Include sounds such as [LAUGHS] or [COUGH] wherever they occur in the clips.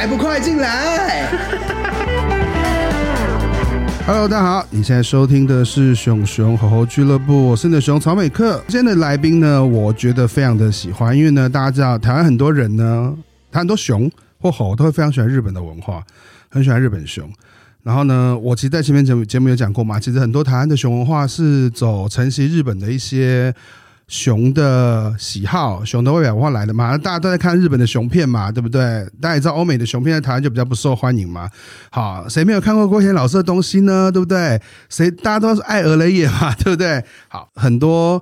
還不快進來 [LAUGHS] ！Hello，大家好，你現在收聽的是熊熊猴猴俱樂部，我是你的熊曹美克。今天的來賓呢，我覺得非常的喜歡，因為呢，大家知道台灣很多人呢，他很多熊或猴都會非常喜歡日本的文化，很喜歡日本熊。然後呢，我其實在前面節節目，目有講過嘛，其實很多台灣的熊文化是走承襲日本的一些。熊的喜好，熊的外表換來的嘛，那大家都在看日本的熊片嘛，對不對？大家也知道歐美的熊片在台灣就比較不受歡迎嘛。好，誰沒有看過郭賢老師的東西呢？對不對？誰大家都愛鵝雷爺嘛，對不對？好，很多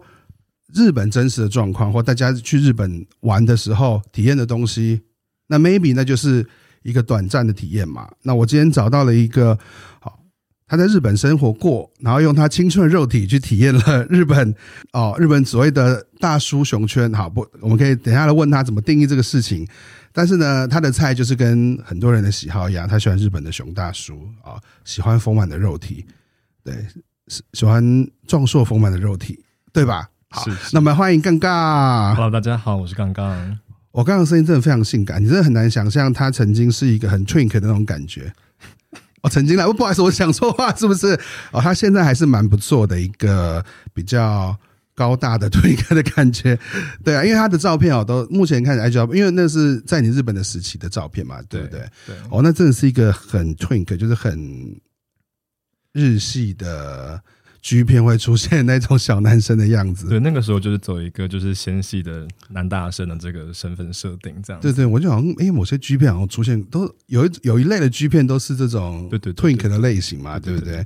日本真實的狀況或大家去日本玩的時候體驗的東西，那 maybe 那就是一個短暫的體驗嘛。那我今天找到了一個。他在日本生活過，然後用他青春的肉體去體驗了日本哦，日本所謂的大叔熊圈。好不，我們可以等一下來問他怎麼定義這個事情。但是呢，他的菜就是跟很多人的喜好一樣，他喜歡日本的熊大叔啊、哦，喜歡豐滿的肉體，對，喜歡壯碩豐滿的肉體，對吧？好，是是那麼歡迎槓槓。Hello，大家好，我是槓槓。我剛剛聲音真的非常性感，你真的很難想象他曾經是一個很 twink 的那種感覺。哦，曾經來，我不好意思，我想說話，是不是？哦，他現在還是蠻不錯的，一個比較高大的 twink 的感覺，對啊，因為他的照片哦，都目前看起來，因為那是在你日本的時期的照片嘛，對不對？對，對哦，那真的是一個很 twink，就是很日系的。G 片會出現那種小男生的樣子，對，那個時候就是走一個就是纖細的男大生的這個身份設定，這樣。對，對對，我就好像哎、欸，某些 G 片好像出現，都有一有一類的 G 片都是這種對對 Twink 的類型嘛，對不對？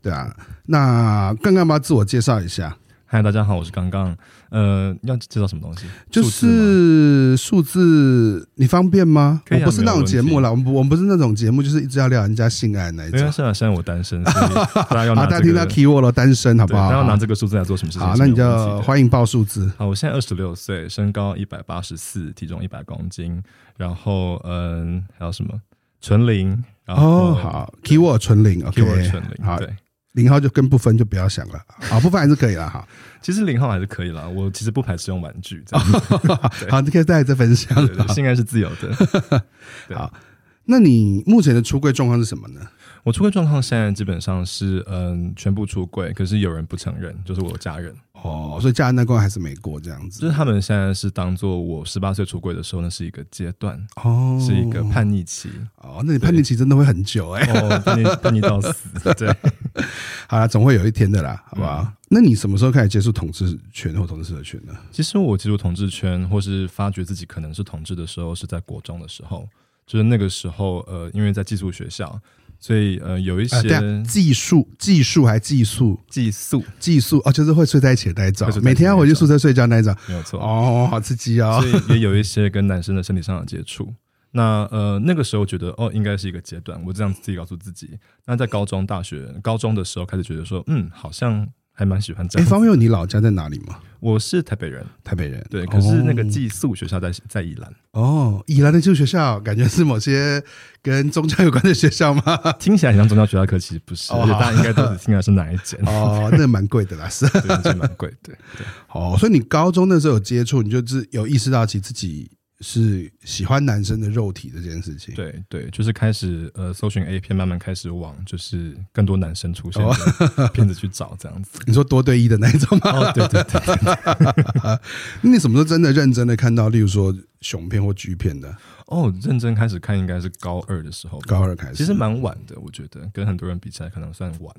對啊，那槓槓吧，自我介紹一下，嗨，大家好，我是槓槓。呃，要知道什麼東西？就是數字，你方便嗎、啊？我不是那種節目啦，我們我們不是那種節目，就是一直要聊人家性愛的那一種。現在、啊、我單身，大家要拿、 [LAUGHS] 啊、大家聽到 keyword 單身，好不好？大家要拿這個數字來做什麼事情？好，好，那你就歡迎報數字。好，我現在二十六歲，身高一百八十四，體重一百公斤，然後嗯，還有什麼？純零。哦，好，keyword 純零，keyword 純零，okay, 零號就跟不分就不要想了，啊，不分還是可以了哈。其實零號還是可以了，我其實不排斥用玩具這樣子，哦哈哈哈哈。好，你可以再再分享，對對對，現在是自由的好對。好，那你目前的出櫃狀況是什麼呢？我出櫃狀況現在基本上是嗯、呃，全部出櫃，可是有人不承認，就是我的家人哦，所以家人那關還是沒過，這樣子。就是他們現在是當做我十八歲出櫃的時候，那是一個階段哦，是一個叛逆期哦。那你叛逆期真的會很久哎、欸哦，叛逆叛逆到死 [LAUGHS] 對。好啦，總會有一天的啦，好不好？那你什麼時候開始接觸同志圈或同志社群呢？其實我接觸同志圈或是發覺自己可能是同志的時候，是在國中的時候，就是那個時候呃，因為在寄宿學校。所以呃，有一些、啊啊、寄宿寄宿還寄宿寄宿寄宿，哦，就是會睡在一起的那一種，在一起的那一種，每天要回、啊、去宿舍睡覺那一種，沒有錯哦，好刺激啊、哦！所以也有一些跟男生的身體上的接觸。 [LAUGHS] 那呃，那個時候覺得哦，應該是一個階段，我這樣自己告訴自己。那在高中、大學、高中的時候開始覺得說，嗯，好像還蠻喜歡這樣。哎，方佑，你老家在哪裡嗎？我是台北人，台北人對、哦，可是那個寄宿學校在在宜蘭哦，宜蘭的寄宿學校感覺是某些跟宗教有關的學校嗎？聽起來很像宗教學校可其實不是，我、哦、覺大家應該都只聽的是哪一間哦, [LAUGHS] 哦，那蠻、個、貴的啦，是蠻貴的，對，哦，所以你高中那時候有接觸，你就是有意識到其實自己。是喜歡男生的肉體這件事情，對對，就是開始呃，搜尋 A 片，慢慢開始往就是更多男生出現的片子去找這樣子。哦、 [LAUGHS] 你說多對一的那一種嗎？哦，對對對，對。 [LAUGHS] 你什麼時候真的認真的看到，例如說熊片或巨片的？哦，認真開始看應該是高二的時候吧，高二開始，其實蠻晚的，我覺得跟很多人比起來，可能算晚。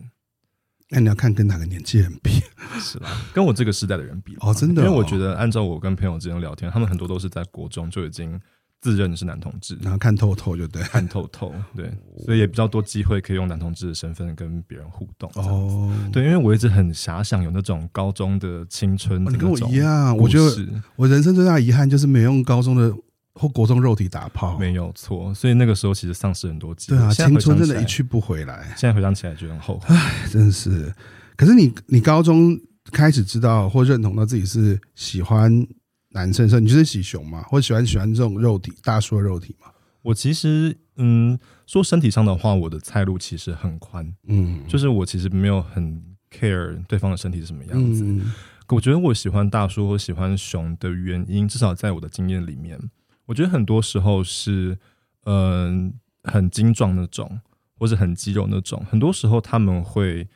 那你要看跟哪個年紀人比， [LAUGHS] 是吧？跟我這個時代的人比哦，真的、哦。因為我覺得，按照我跟朋友之間聊天，他們很多都是在國中就已經自認是男同志，然後看透透就對了，看透透對，所以也比較多機會可以用男同志的身份跟別人互動哦。對，因為我一直很遐想有那種高中的青春的那種，哦、你跟我一樣。我覺得我人生最大的遺憾就是沒用高中的。或國中肉體打炮，沒有錯，所以那個時候其實喪失很多機會。對啊，青春真的，一去不回來。現在回想起來，覺得很後悔。唉，真是。可是你，你高中開始知道或認同到自己是喜歡男生，生，說你就是喜熊嘛，或喜歡喜歡這種肉體、嗯、大叔的肉體嘛？我其實，嗯，說身體上的話，我的菜路其實很寬。嗯，就是我其實沒有很 care 對方的身體是什麼樣子。嗯、我覺得我喜歡大叔或喜歡熊的原因，至少在我的經驗裡面。我覺得很多時候是，嗯、呃，很精壯那種，或者很肌肉那種。很多時候他們會，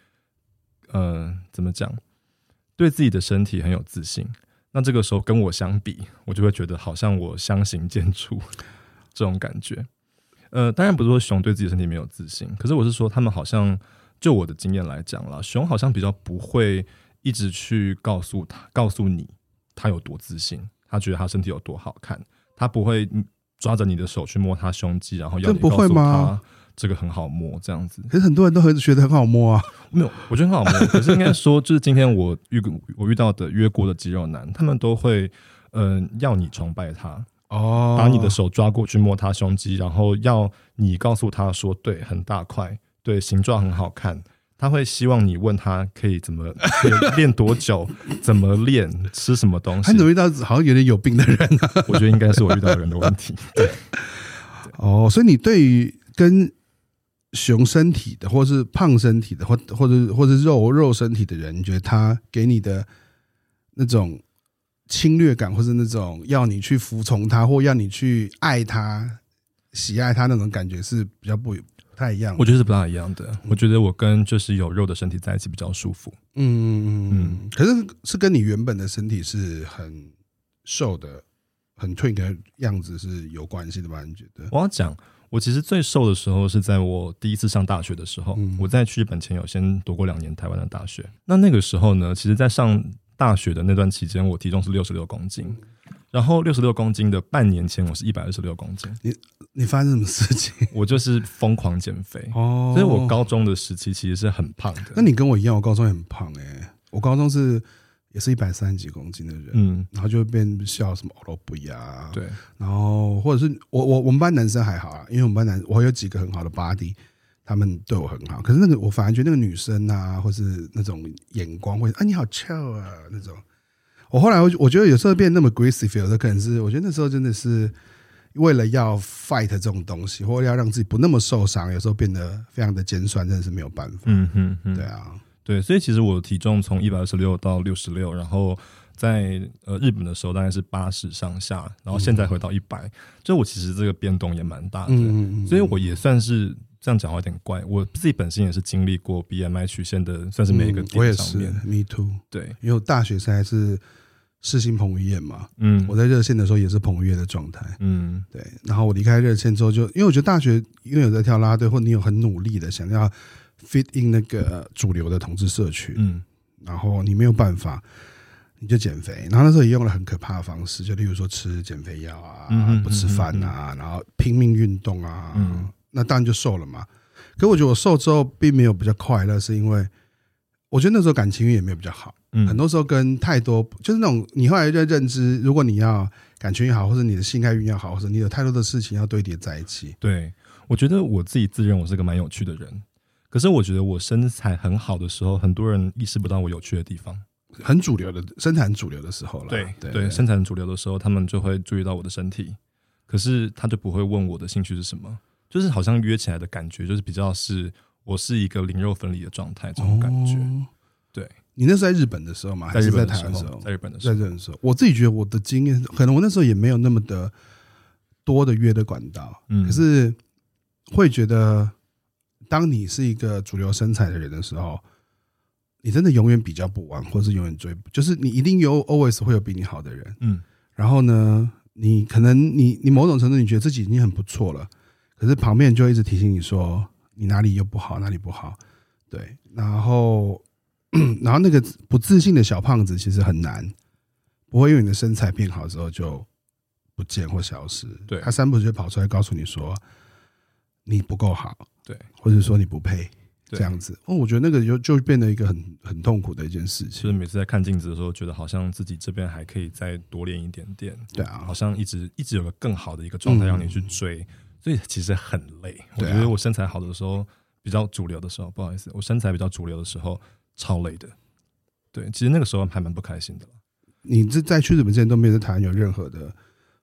呃，怎麼講，對自己的身體很有自信。那這個時候跟我相比，我就會覺得好像我相形見絀，這種感覺。呃，當然不是說熊對自己的身體沒有自信，可是我是說，他們好像，就我的經驗來講啦，熊好像比較不會一直去告訴他告訴你他有多自信，他覺得他身體有多好看。他不會抓着你的手去摸他胸肌，然後要你告訴他這,這個很好摸，這樣子。可是很多人都會覺得很好摸啊， [LAUGHS] 沒有，我覺得很好摸。 [LAUGHS] 可是應該說，就是今天我遇我遇到的約過的肌肉男，他們都會嗯、呃、要你崇拜他哦，把你的手抓過去摸他胸肌，然後要你告訴他說，對，很大塊，對，形狀很好看。他會希望你問他可以怎麼可以練多久、怎麼練、吃什麼東西。他怎麼遇到好像有點有病的人啊？我覺得應該是我遇到人的問題。對，哦，所以你對於跟熊身體的，或是胖身體的，或或者或是肉肉身體的人，覺得他給你的那種侵略感，或是那種要你去服從他，或要你去愛他、喜愛他那種感覺，是比較不太一樣，我覺得是不大一樣的。嗯、我覺得我跟就是有肉的身體在一起比較舒服。嗯嗯嗯嗯，可是是跟你原本的身體是很瘦的、很退的樣子是有關係的吧？你覺得？我要講，我其實最瘦的時候是在我第一次上大學的時候。嗯、我在去日本前有先讀過兩年台灣的大學。那那個時候呢，其實，在上大學的那段期間，我體重是六十六公斤。嗯然後六十六公斤的，半年前我是一百二十六公斤你，你你發生什麼事情？我就是瘋狂減肥哦。所以我高中的時期其實是很胖的。那你跟我一樣，我高中也很胖誒、欸、我高中是也是一百三十幾公斤的人，嗯，然後就變笑什麼歐羅布亞，對，然後或者是我我我們班男生還好啦、啊，因為我們班男生我有幾個很好的 body，他們對我很好。可是那個我反而覺得那個女生啊，或是那種眼光會，或者啊你好翹啊那種。我後來我，我覺得有時候變那麼 greasy feel, 有時候可能是我覺得那時候真的是為了要 fight 這種東西，或者要讓自己不那麼受傷，有時候變得非常的尖酸，真的是沒有辦法。嗯嗯，對啊，對，所以其實我的體重從一百二十六到六十六，然後在呃日本的時候大概是八十上下，然後現在回到一百、嗯，就我其實這個變動也蠻大的、嗯哼，所以我也算是這樣講話有點怪，我自己本身也是經歷過 BMI 曲線的，算是每一個點上面、嗯、我也是 me too，對，因為我大學生還是。世新彭於晏嘛，嗯，我在熱線的時候也是彭於晏的狀態，嗯，對。然後我離開熱線之後，就因為我覺得大學因為有在跳啦啦隊，或你有很努力的想要 fit in 那個主流的同志社群，嗯，然後你沒有辦法，你就減肥。然後那時候也用了很可怕的方式，就例如說吃減肥藥啊，不吃飯啊，然後拼命運動啊，那當然就瘦了嘛。可是我覺得我瘦之後並沒有比較快樂，是因為我覺得那時候感情也沒有比較好。嗯，很多時候跟太多、嗯、就是那種你後來在認知，如果你要感情也好，或者你的心態運要好，或者你有太多的事情要堆疊在一起。對，我覺得我自己自認我是個蠻有趣的人，可是我覺得我身材很好的時候，很多人意識不到我有趣的地方。很主流的身材，很主流的時候了。對對，對，身材很主流的時候，他們就會注意到我的身體，可是他就不會問我的興趣是什麼，就是好像約起來的感覺，就是比較是我是一個靈肉分離的狀態，這種感覺，哦、對。你那是在日本的時候嗎？在日本的時候，還是在台灣時候？在日本的時候，在日本的時候，我自己覺得我的經驗，可能我那時候也沒有那麼的多的約的管道。嗯，可是會覺得，當你是一個主流身材的人的時候，你真的永遠比較不完，或是永遠追不，就是你一定有 always 會有比你好的人，嗯，然後呢，你可能你你某種程度，你覺得自己已經很不錯了，可是旁邊就一直提醒你說你哪裡又不好，哪裡不好，對，然後。 [COUGHS] 然後那個不自信的小胖子其實很難，不會因為你的身材變好之後就不見或消失對。對他三不五時就跑出來告訴你說你不夠好，對，或者說你不配這樣子。哦，我覺得那個就就變得一個很很痛苦的一件事。其實每次在看鏡子的時候，覺得好像自己這邊還可以再多練一點點。對啊，好像一直一直有個更好的一個狀態讓你去追，嗯，所以其實很累。我覺得我身材好的時候，啊，比較主流的時候，不好意思，我身材比較主流的時候。超累的，對，其實那個時候還蠻不開心的。你這在去日本之前都沒有在台灣有任何的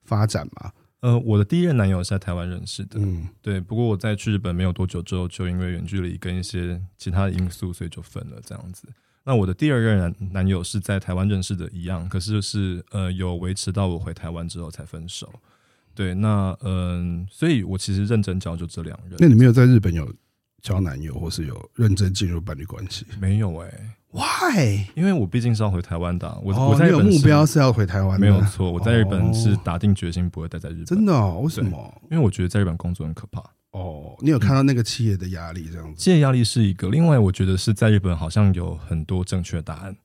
發展嗎？呃，我的第一任男友是在台灣認識的，嗯，對。不過我在去日本沒有多久之後，就因為遠距離跟一些其他的因素，所以就分了這樣子。那我的第二任男友是在台灣認識的，一樣，可是就是呃，有維持到我回台灣之後才分手。對，那嗯、呃，所以我其實認真交就這兩任。那你沒有在日本有？交男友或是有認真進入伴侶關係？沒有哎、欸，Why？因為我畢竟是要回台灣的，我、oh, 我在日本目標是要回台灣，沒有錯。我在日本是打定決心不會待在日本。Oh, 真的、哦？為什麼？因為我覺得在日本工作很可怕。哦、oh，你有看到那個企業的壓力這樣子？嗯、企業壓力是一個，另外我覺得是在日本好像有很多正確的答案，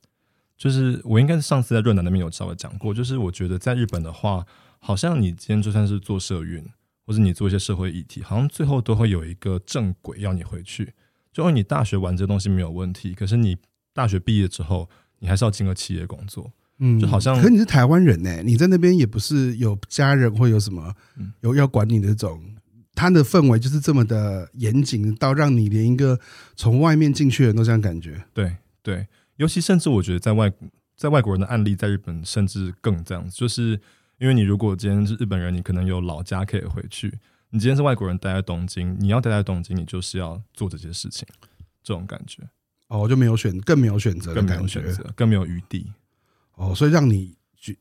就是我應該是上次在潤男那邊有稍微講過，就是我覺得在日本的話，好像你今天就算是做社運。或是你做一些社會議題，好像最後都會有一個正軌要你回去。就算你大學玩這東西沒有問題，可是你大學畢業之後，你還是要進個企業工作。嗯，就好像，可是你是台灣人呢、欸，你在那邊也不是有家人會有什麼有要管你的那種、嗯，他的氛圍就是這麼的嚴謹，到讓你連一個從外面進去的人都這樣感覺。對對，尤其甚至我覺得在外在外國人的案例，在日本甚至更這樣，就是。因為你如果今天是日本人，你可能有老家可以回去；你今天是外國人，待在東京，你要待在東京，你就是要做這些事情，這種感覺。哦，就沒有選，更沒有選擇，更沒有選擇，更沒有餘地。哦，所以讓你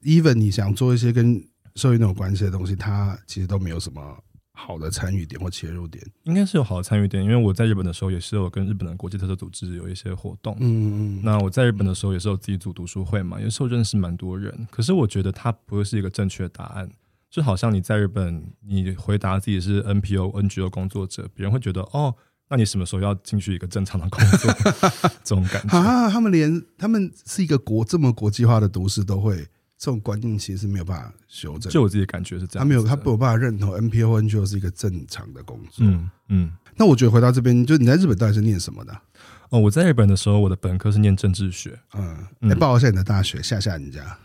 even 你想做一些跟社會上有關係的東西，它其實都沒有什麼好的參與點或切入點應該是有好的參與點，因為我在日本的時候也是有跟日本的國際特色組織有一些活動。嗯嗯，那我在日本的時候也是有自己組讀書會嘛，也是有時候認識蠻多人。可是我覺得它不會是一個正確的答案，就好像你在日本，你回答自己是 NPO、NGO 工作者，別人會覺得哦，那你什麼時候要進去一個正常的工作？ [LAUGHS] 這種感覺，好好他們連他們是一個國這麼國際化的都市都會。這種觀念其實是沒有辦法修正。就我自己感覺是這樣。他沒有，他沒有辦法認同 NPO NGO 是一個正常的工作。嗯，嗯，那我覺得回到這邊，就你在日本到底是念什麼的啊？哦，我在日本的時候，我的本科是念政治學。嗯，來報一下你的大學，嚇、嗯、嚇人家。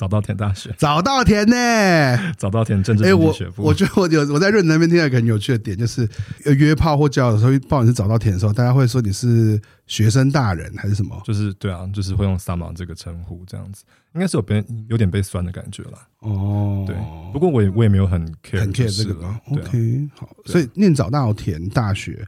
早稻田大學早稻田，欸，早稻田呢？早稻田政治學部。哎、欸，我我覺得我有我在日本那邊聽到一個很有趣的點，就是約炮或叫的時候，不管是早稻田的時候，大家會說你是學生大人還是什麼？就是對啊，就是會用 sama 這個稱呼這樣子，應該是有被有點被酸的感覺了。哦，對。不過我也我也沒有很 care, 很 care 這個對、啊、，OK 好。好、啊，所以念早稻田大學，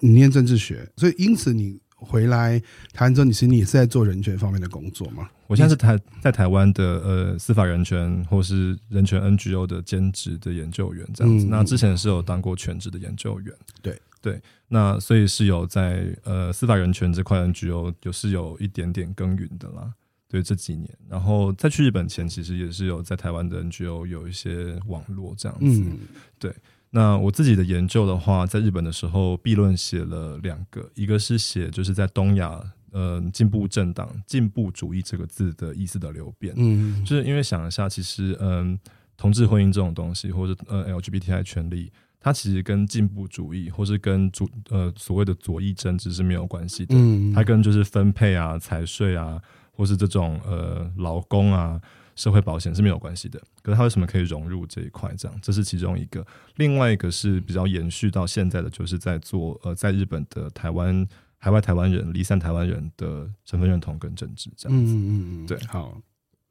你念政治學，所以因此你。回來台灣之後，你其實也是在做人權方面的工作嗎？我現在是台在台灣的呃司法人權或是人權 NGO 的兼職的研究員這樣子、嗯。那之前是有當過全職的研究員，對對。那所以是有在呃司法人權這塊 NGO 就是有一點點耕耘的啦。對。這幾年，然後再去日本前，其實也是有在台灣的 NGO 有一些網絡這樣子。嗯、對。那我自己的研究的話，在日本的時候，畢論寫了兩個，一個是寫就是在東亞，呃，進步政黨、進步主義這個字的意思的流變。嗯，就是因為想一下，其實，嗯，同志婚姻這種東西，或者呃，LGBTI 權利，它其實跟進步主義，或是跟主呃所謂的左翼政治是沒有關係的。嗯，它跟就是分配啊、財稅啊，或是這種呃勞工啊。社會保險是沒有關係的，可是他為什麼可以融入這一塊？這樣，這是其中一個。另外一個是比較延續到現在的，就是在做呃，在日本的台灣海外台灣人離散台灣人的身份認同跟政治這樣子。嗯，嗯嗯對，好，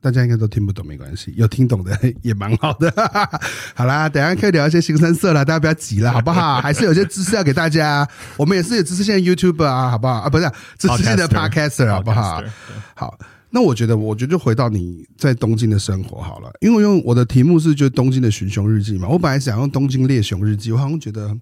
大家應該都聽不懂沒關係，有聽懂的也蠻好的。 [LAUGHS] 好啦，等一下可以聊一些腥羶色啦， [LAUGHS] 大家不要急啦，好不好？還是有些知識要給大家， [LAUGHS] 我們也是有知識線 YouTuber 啊，好不好？啊，不是，知識線的 Podcaster 好不好？好。那我覺得，我覺得就回到你在東京的生活好了，因為用我的題目是就是東京的尋熊日記嘛。我本來想用東京獵熊日記，我好像覺得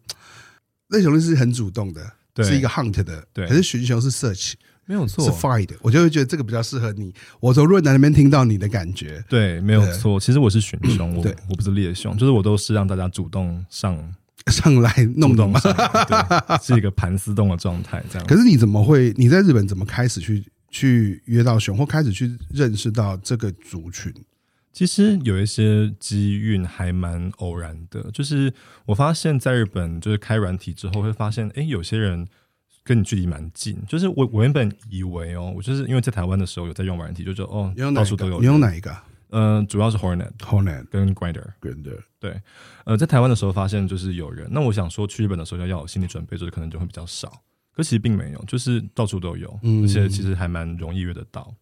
獵熊日記是很主動的對，是一個 hunt 的，對，可是尋熊是 search，沒有錯，是 find。我就會覺得這個比較適合你。我從潤男那邊聽到你的感覺，對，沒有錯。其實我是尋熊、嗯，我對，我不是獵熊，就是我都是讓大家主動上上來弄懂嘛，主動上來對 [LAUGHS] 是一個盤絲洞的狀態這樣。可是你怎麼會？你在日本怎麼開始去？去約到熊，或開始去認識到這個族群，其實有一些機運還蠻偶然的。就是我發現在日本，就是開軟體之後會發現，誒、欸，有些人跟你距離蠻近。就是我我原本以為哦，我就是因為在台灣的時候有在用軟體，就是哦你用哪個，到處都有。你用哪一個？呃，主要是 Hornet、Hornet 跟 Grinder、Grinder。對，呃，在台灣的時候發現就是有人。那我想說，去日本的時候要要有心理準備，就可能就會比較少。其實並沒有，就是到處都有，而且其實還蠻容易約得到、嗯。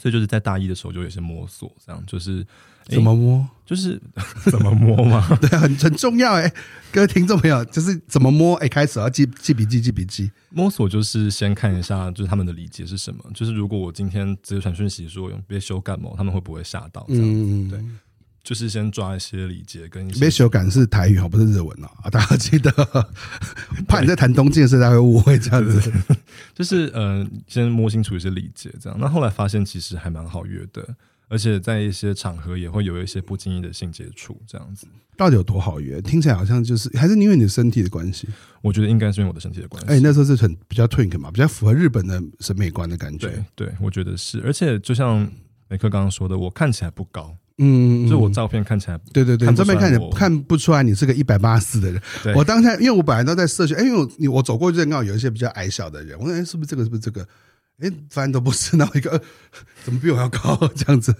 所以就是在大一的時候就有些摸索，這樣就是、欸、怎麼摸，就是 [LAUGHS] 怎麼摸嘛， [LAUGHS] 對，很很重要哎、欸。各位聽眾朋友，就是怎麼摸？哎、欸，開始要記記筆記，記筆記,記,記,記。摸索就是先看一下，就是他們的理解是什麼。就是如果我今天直接傳訊息說用別修改某，他們會不會嚇到這樣子？嗯嗯，對。就是先抓一些禮節，跟一些沒羞感是台語哈，不是日文哦、啊，啊，大家記得，怕你在談東京的時候大家會誤會這樣子。 [LAUGHS] 就是呃，先摸清楚一些禮節，這樣。那後來發現其實還蠻好約的，而且在一些場合也會有一些不經意的性接觸，這樣子。到底有多好約？聽起來好像就是還是因為你的身體的關係。我覺得應該是因為我的身體的關係。哎，那時候是很比較 twink 嘛，比較符合日本的審美觀的感覺。對，對，我覺得是。而且就像美克剛剛說的，我看起來不高。嗯，就我照片看起來，對對對，我照片看起來看不出來你是個一百八十四的人。我當天，因為我本來都在社區，哎、欸，因為我你我走過去，剛好有一些比較矮小的人，我說哎、欸，是不是這個？是不是這個？哎、欸，反正都不是，那一個怎麼比我要高？這樣子，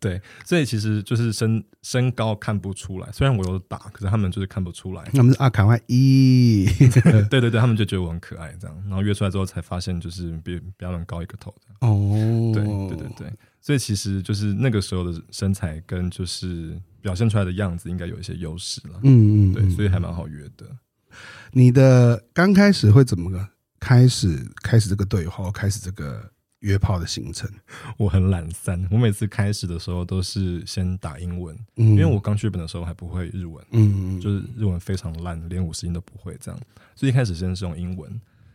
對，所以其實就是身身高看不出來，雖然我有打，可是他們就是看不出來。他們是阿卡哇伊 [LAUGHS] 對，對對對，他們就覺得我很可愛這樣，然後約出來之後才發現就是比比他們高一個頭。哦，對對對對。所以其實就是那個時候的身材跟就是表現出來的樣子應該有一些優勢了，嗯嗯，嗯，對，所以還蠻好約的。你的剛開始會怎麼？開始開始這個對話，開始這個約炮的行程。我很懶散，我每次開始的時候都是先打英文，嗯嗯，因為我剛去日本的時候還不會日文，嗯嗯，嗯，就是日文非常爛，連五十音都不會，這樣，所以一開始先是用英文。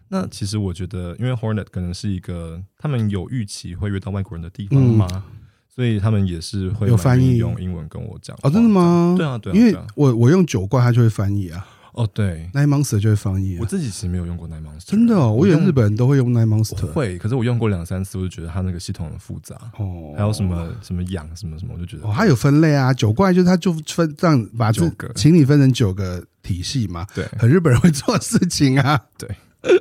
那其實我覺得，因為 Hornet 可能是一個他們有預期會約到外國人的地方嘛，嗯？所以他們也是會有翻譯，用英文跟我講哦，真的嗎？對啊，對，啊。因為，啊，我我用九怪，他就會翻譯啊。哦，對，Nine Monster 就會翻譯，啊。我自己其實沒有用過 Nine Monster 真的哦。我以為日本人都會用 Nine Monster 會。可是我用過兩三次，我就覺得他那個系統很複雜哦。還有什麼什麼養什麼什麼，我就覺得哦，他有分類啊。九怪就是他就分這樣把九個，請你分成九個體系嘛。對，很日本人會做的事情啊。對。 [LAUGHS] 對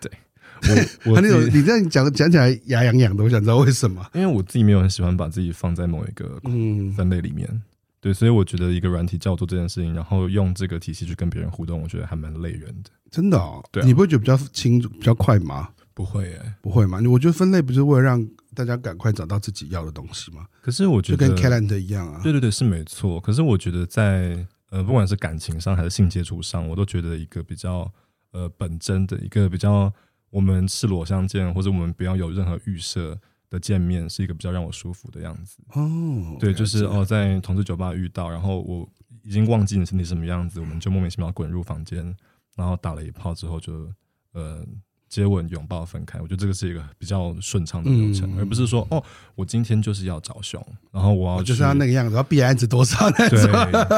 對，我我那種 [LAUGHS] 你這樣講講起來牙癢癢的，我想知道為什麼？因為我自己沒有很喜歡把自己放在某一個分類裡面，嗯、對，所以我覺得一個軟體叫做這件事情，然後用這個體系去跟別人互動，我覺得還蠻累人的。真的，哦，對、啊，你不會覺得比較輕、比較快嗎？不會、欸，不會嗎？我覺得分類不是為了讓大家趕快找到自己要的東西嗎？可是我覺得就跟 Calendar 一樣啊，對對對，是沒錯。可是我覺得在呃，不管是感情上還是性接觸上，我都覺得一個比較。呃，本真的一個比較，我們赤裸相見，或者我們不要有任何預設的見面，是一個比較讓我舒服的樣子。Oh，對，就是哦，在同志酒吧遇到，然後我已經忘記你身體什麼樣子，我們就莫名其妙滾入房間，然後打了一炮之後就，呃。接吻、擁抱、分開，我覺得這個是一個比較順暢的流程。嗯，而不是說哦，我今天就是要找熊，然後我要我就是要那個樣子，要 BMI 值多少呢？對。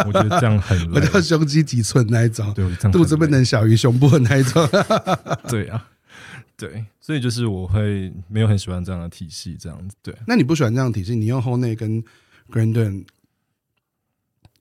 我覺得這樣很，我要胸肌幾寸那一種，對，我肚子不能小於胸部那一種。對，對啊，對，所以就是我會沒有很喜歡這樣的體系，這樣子，對，那你不喜歡這樣的體系，你用 Hornet 跟 Grindr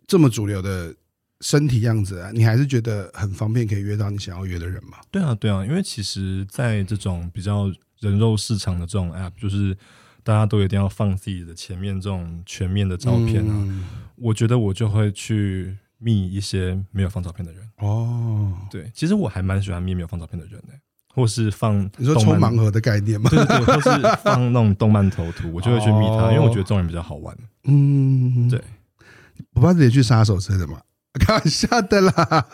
這麼主流的身體樣子啊，你還是覺得很方便可以約到你想要約的人嗎？對啊，對啊，因為其實，在這種比較人肉市場的這種 App，就是大家都一定要放自己的前面這種全面的照片啊。嗯、我覺得我就會去覓一些沒有放照片的人哦。對，其實我還蠻喜歡覓沒有放照片的人哎、欸，或是放你說抽盲盒的概念嗎？對 [LAUGHS] 對、就是，或者是放那種動漫頭圖，我就會去覓他。哦，因為我覺得這種人比較好玩。嗯，對，不怕自己去殺手之類的嘛。開玩笑的啦，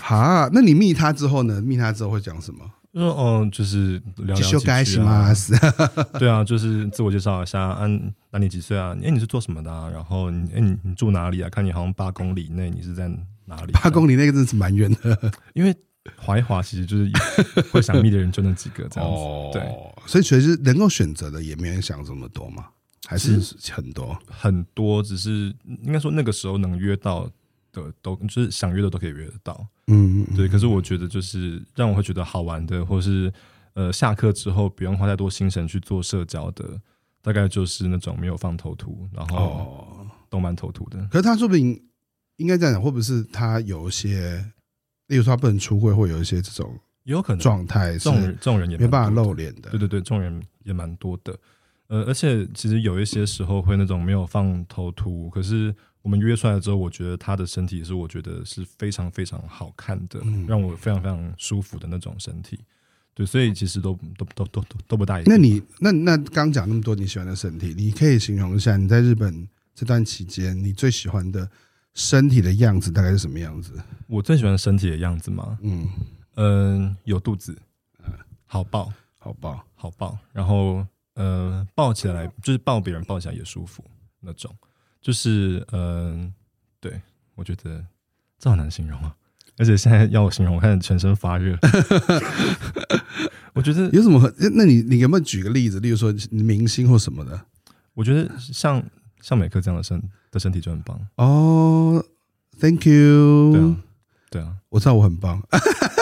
好、啊，那你密他之後呢？密他之後會講什麼？說、嗯、哦、呃，就是聊聊、啊、介對啊，就是自我介紹一下。嗯，那你幾歲啊？哎、啊欸，你是做什麼的、啊？然後你哎、欸，你你住哪裡啊？看你好像八公里內，你是在哪裡？八公里那個真是蠻遠的，因為滑一滑其實就是會想密的人就那幾個這樣子， [LAUGHS] 哦、對。所以其實能夠選擇的也沒人想這麼多嘛。還是很多是很多，只是應該說那個時候能約到的都就是想約的都可以約得到，嗯，嗯，對。可是我覺得就是讓我會覺得好玩的，或是呃下課之後不用花太多心神去做社交的，大概就是那種沒有放頭圖，然後動漫頭圖的、嗯。可是他說不定應該這樣講，會不會是他有一些，例如說他不能出櫃，會有一些這種也有可能狀態，這種人這種人，也沒辦法露臉的，對對對，這種人也蠻多的。呃，而且其實有一些時候會那種沒有放頭圖，可是我們約出來之後，我覺得他的身體是我覺得是非常非常好看的，讓我非常非常舒服的那種身體。對，所以其實都都都都都不大一樣。那你那那剛講那麼多你喜歡的身體，你可以形容一下你在日本這段期間你最喜歡的身體的樣子大概是什麼樣子？我最喜歡身體的樣子嗎？嗯嗯、呃，有肚子，嗯，好棒，好棒，好棒。然後。呃，抱起來就是抱別人抱起來也舒服那種，就是嗯、呃，對我覺得這好難形容啊。而且現在要我形容，我看全身發熱。 [LAUGHS] 我覺得有什麼？那你你有沒有舉個例子？例如說明星或什麼的？我覺得像像美克這樣的身的身體就很棒。哦、oh，Thank you。對啊，對啊，我知道我很棒。 [LAUGHS]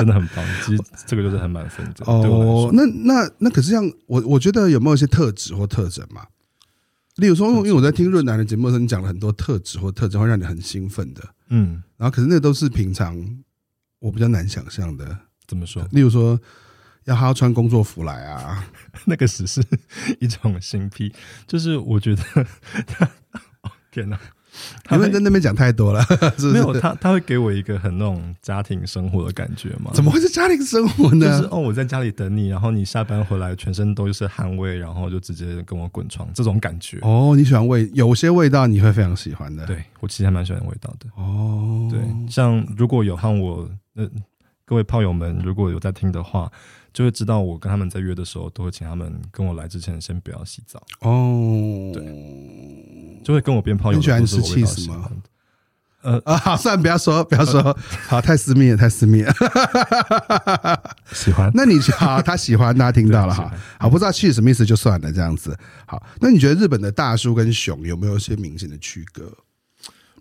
真的很棒，其實這個就是很滿分的哦。對的，那那那可是像，我我覺得有沒有一些特質或特徵嘛？例如說，因為我在聽潤男的節目的時候，你講了很多特質或特質會讓你很興奮的。嗯，然後可是那都是平常我比較難想象的。怎麼說？例如說，要他穿工作服來啊， [LAUGHS] 那個只是一種性癖。就是我覺得他、哦，天哪！他們在那邊講太多了， [LAUGHS] 沒有他他會給我一個很那種家庭生活的感覺嗎？怎麼會是家庭生活呢？就是哦，我在家裡等你，然後你下班回來，全身都是汗味，然後就直接跟我滾床，這種感覺。哦，你喜歡味？有些味道你會非常喜歡的。對，我其實還蠻喜歡味道的。哦，對，像如果有和我、呃、各位炮友們如果有在聽的話，就會知道我跟他們在約的時候，都會請他們跟我來之前先不要洗澡。哦，對。就會跟我鞭炮，有你喜歡，你是起司嗎？呃啊，好，算了不要說，不要說，好、呃，太私密了，太私密了。 [LAUGHS] 喜歡？那你好，他喜歡，大家聽到了哈。好，不知道起司什麼意思就算了，這樣子。好，那你覺得日本的大叔跟熊有沒有一些明顯的區隔？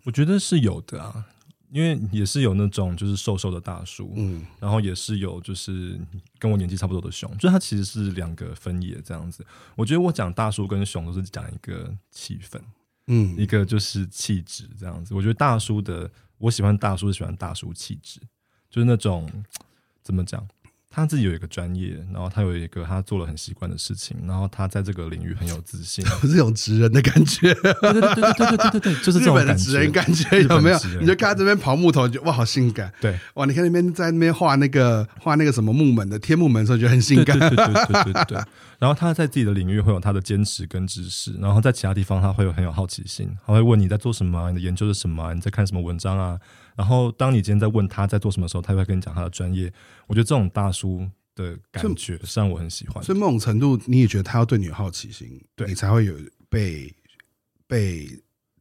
我覺得是有的啊，因為也是有那種就是瘦瘦的大叔，嗯，然後也是有就是跟我年紀差不多的熊，所以他其實是兩個分野這樣子。我覺得我講大叔跟熊都是講一個氣氛。嗯，一個就是氣質這樣子，我覺得大叔的，我喜歡大叔，喜歡大叔氣質，就是那種怎麼講，他自己有一個專業，然後他有一個他做了很習慣的事情，然後他在這個領域很有自信，是這種職人的感覺。對對對對對對對， [LAUGHS] 就是這種的職人感覺有沒有？你就看他這邊刨木頭，就哇好性感。對，哇你看那邊在那邊畫那個畫那個什麼木門的貼木門的時候，覺得很性感。對對對對對，對，對，對。 [LAUGHS] 然後他在自己的領域會有他的堅持跟知識，然後在其他地方他會有很有好奇心，他會問你在做什麼啊，你的研究是什麼啊，你在看什麼文章啊。然後當你今天在問他在做什麼的時候，他就會跟你講他的專業。我覺得這種大叔的感覺是讓我很喜歡。所以某種程度，你也覺得他要對你有好奇心，對你才會有被被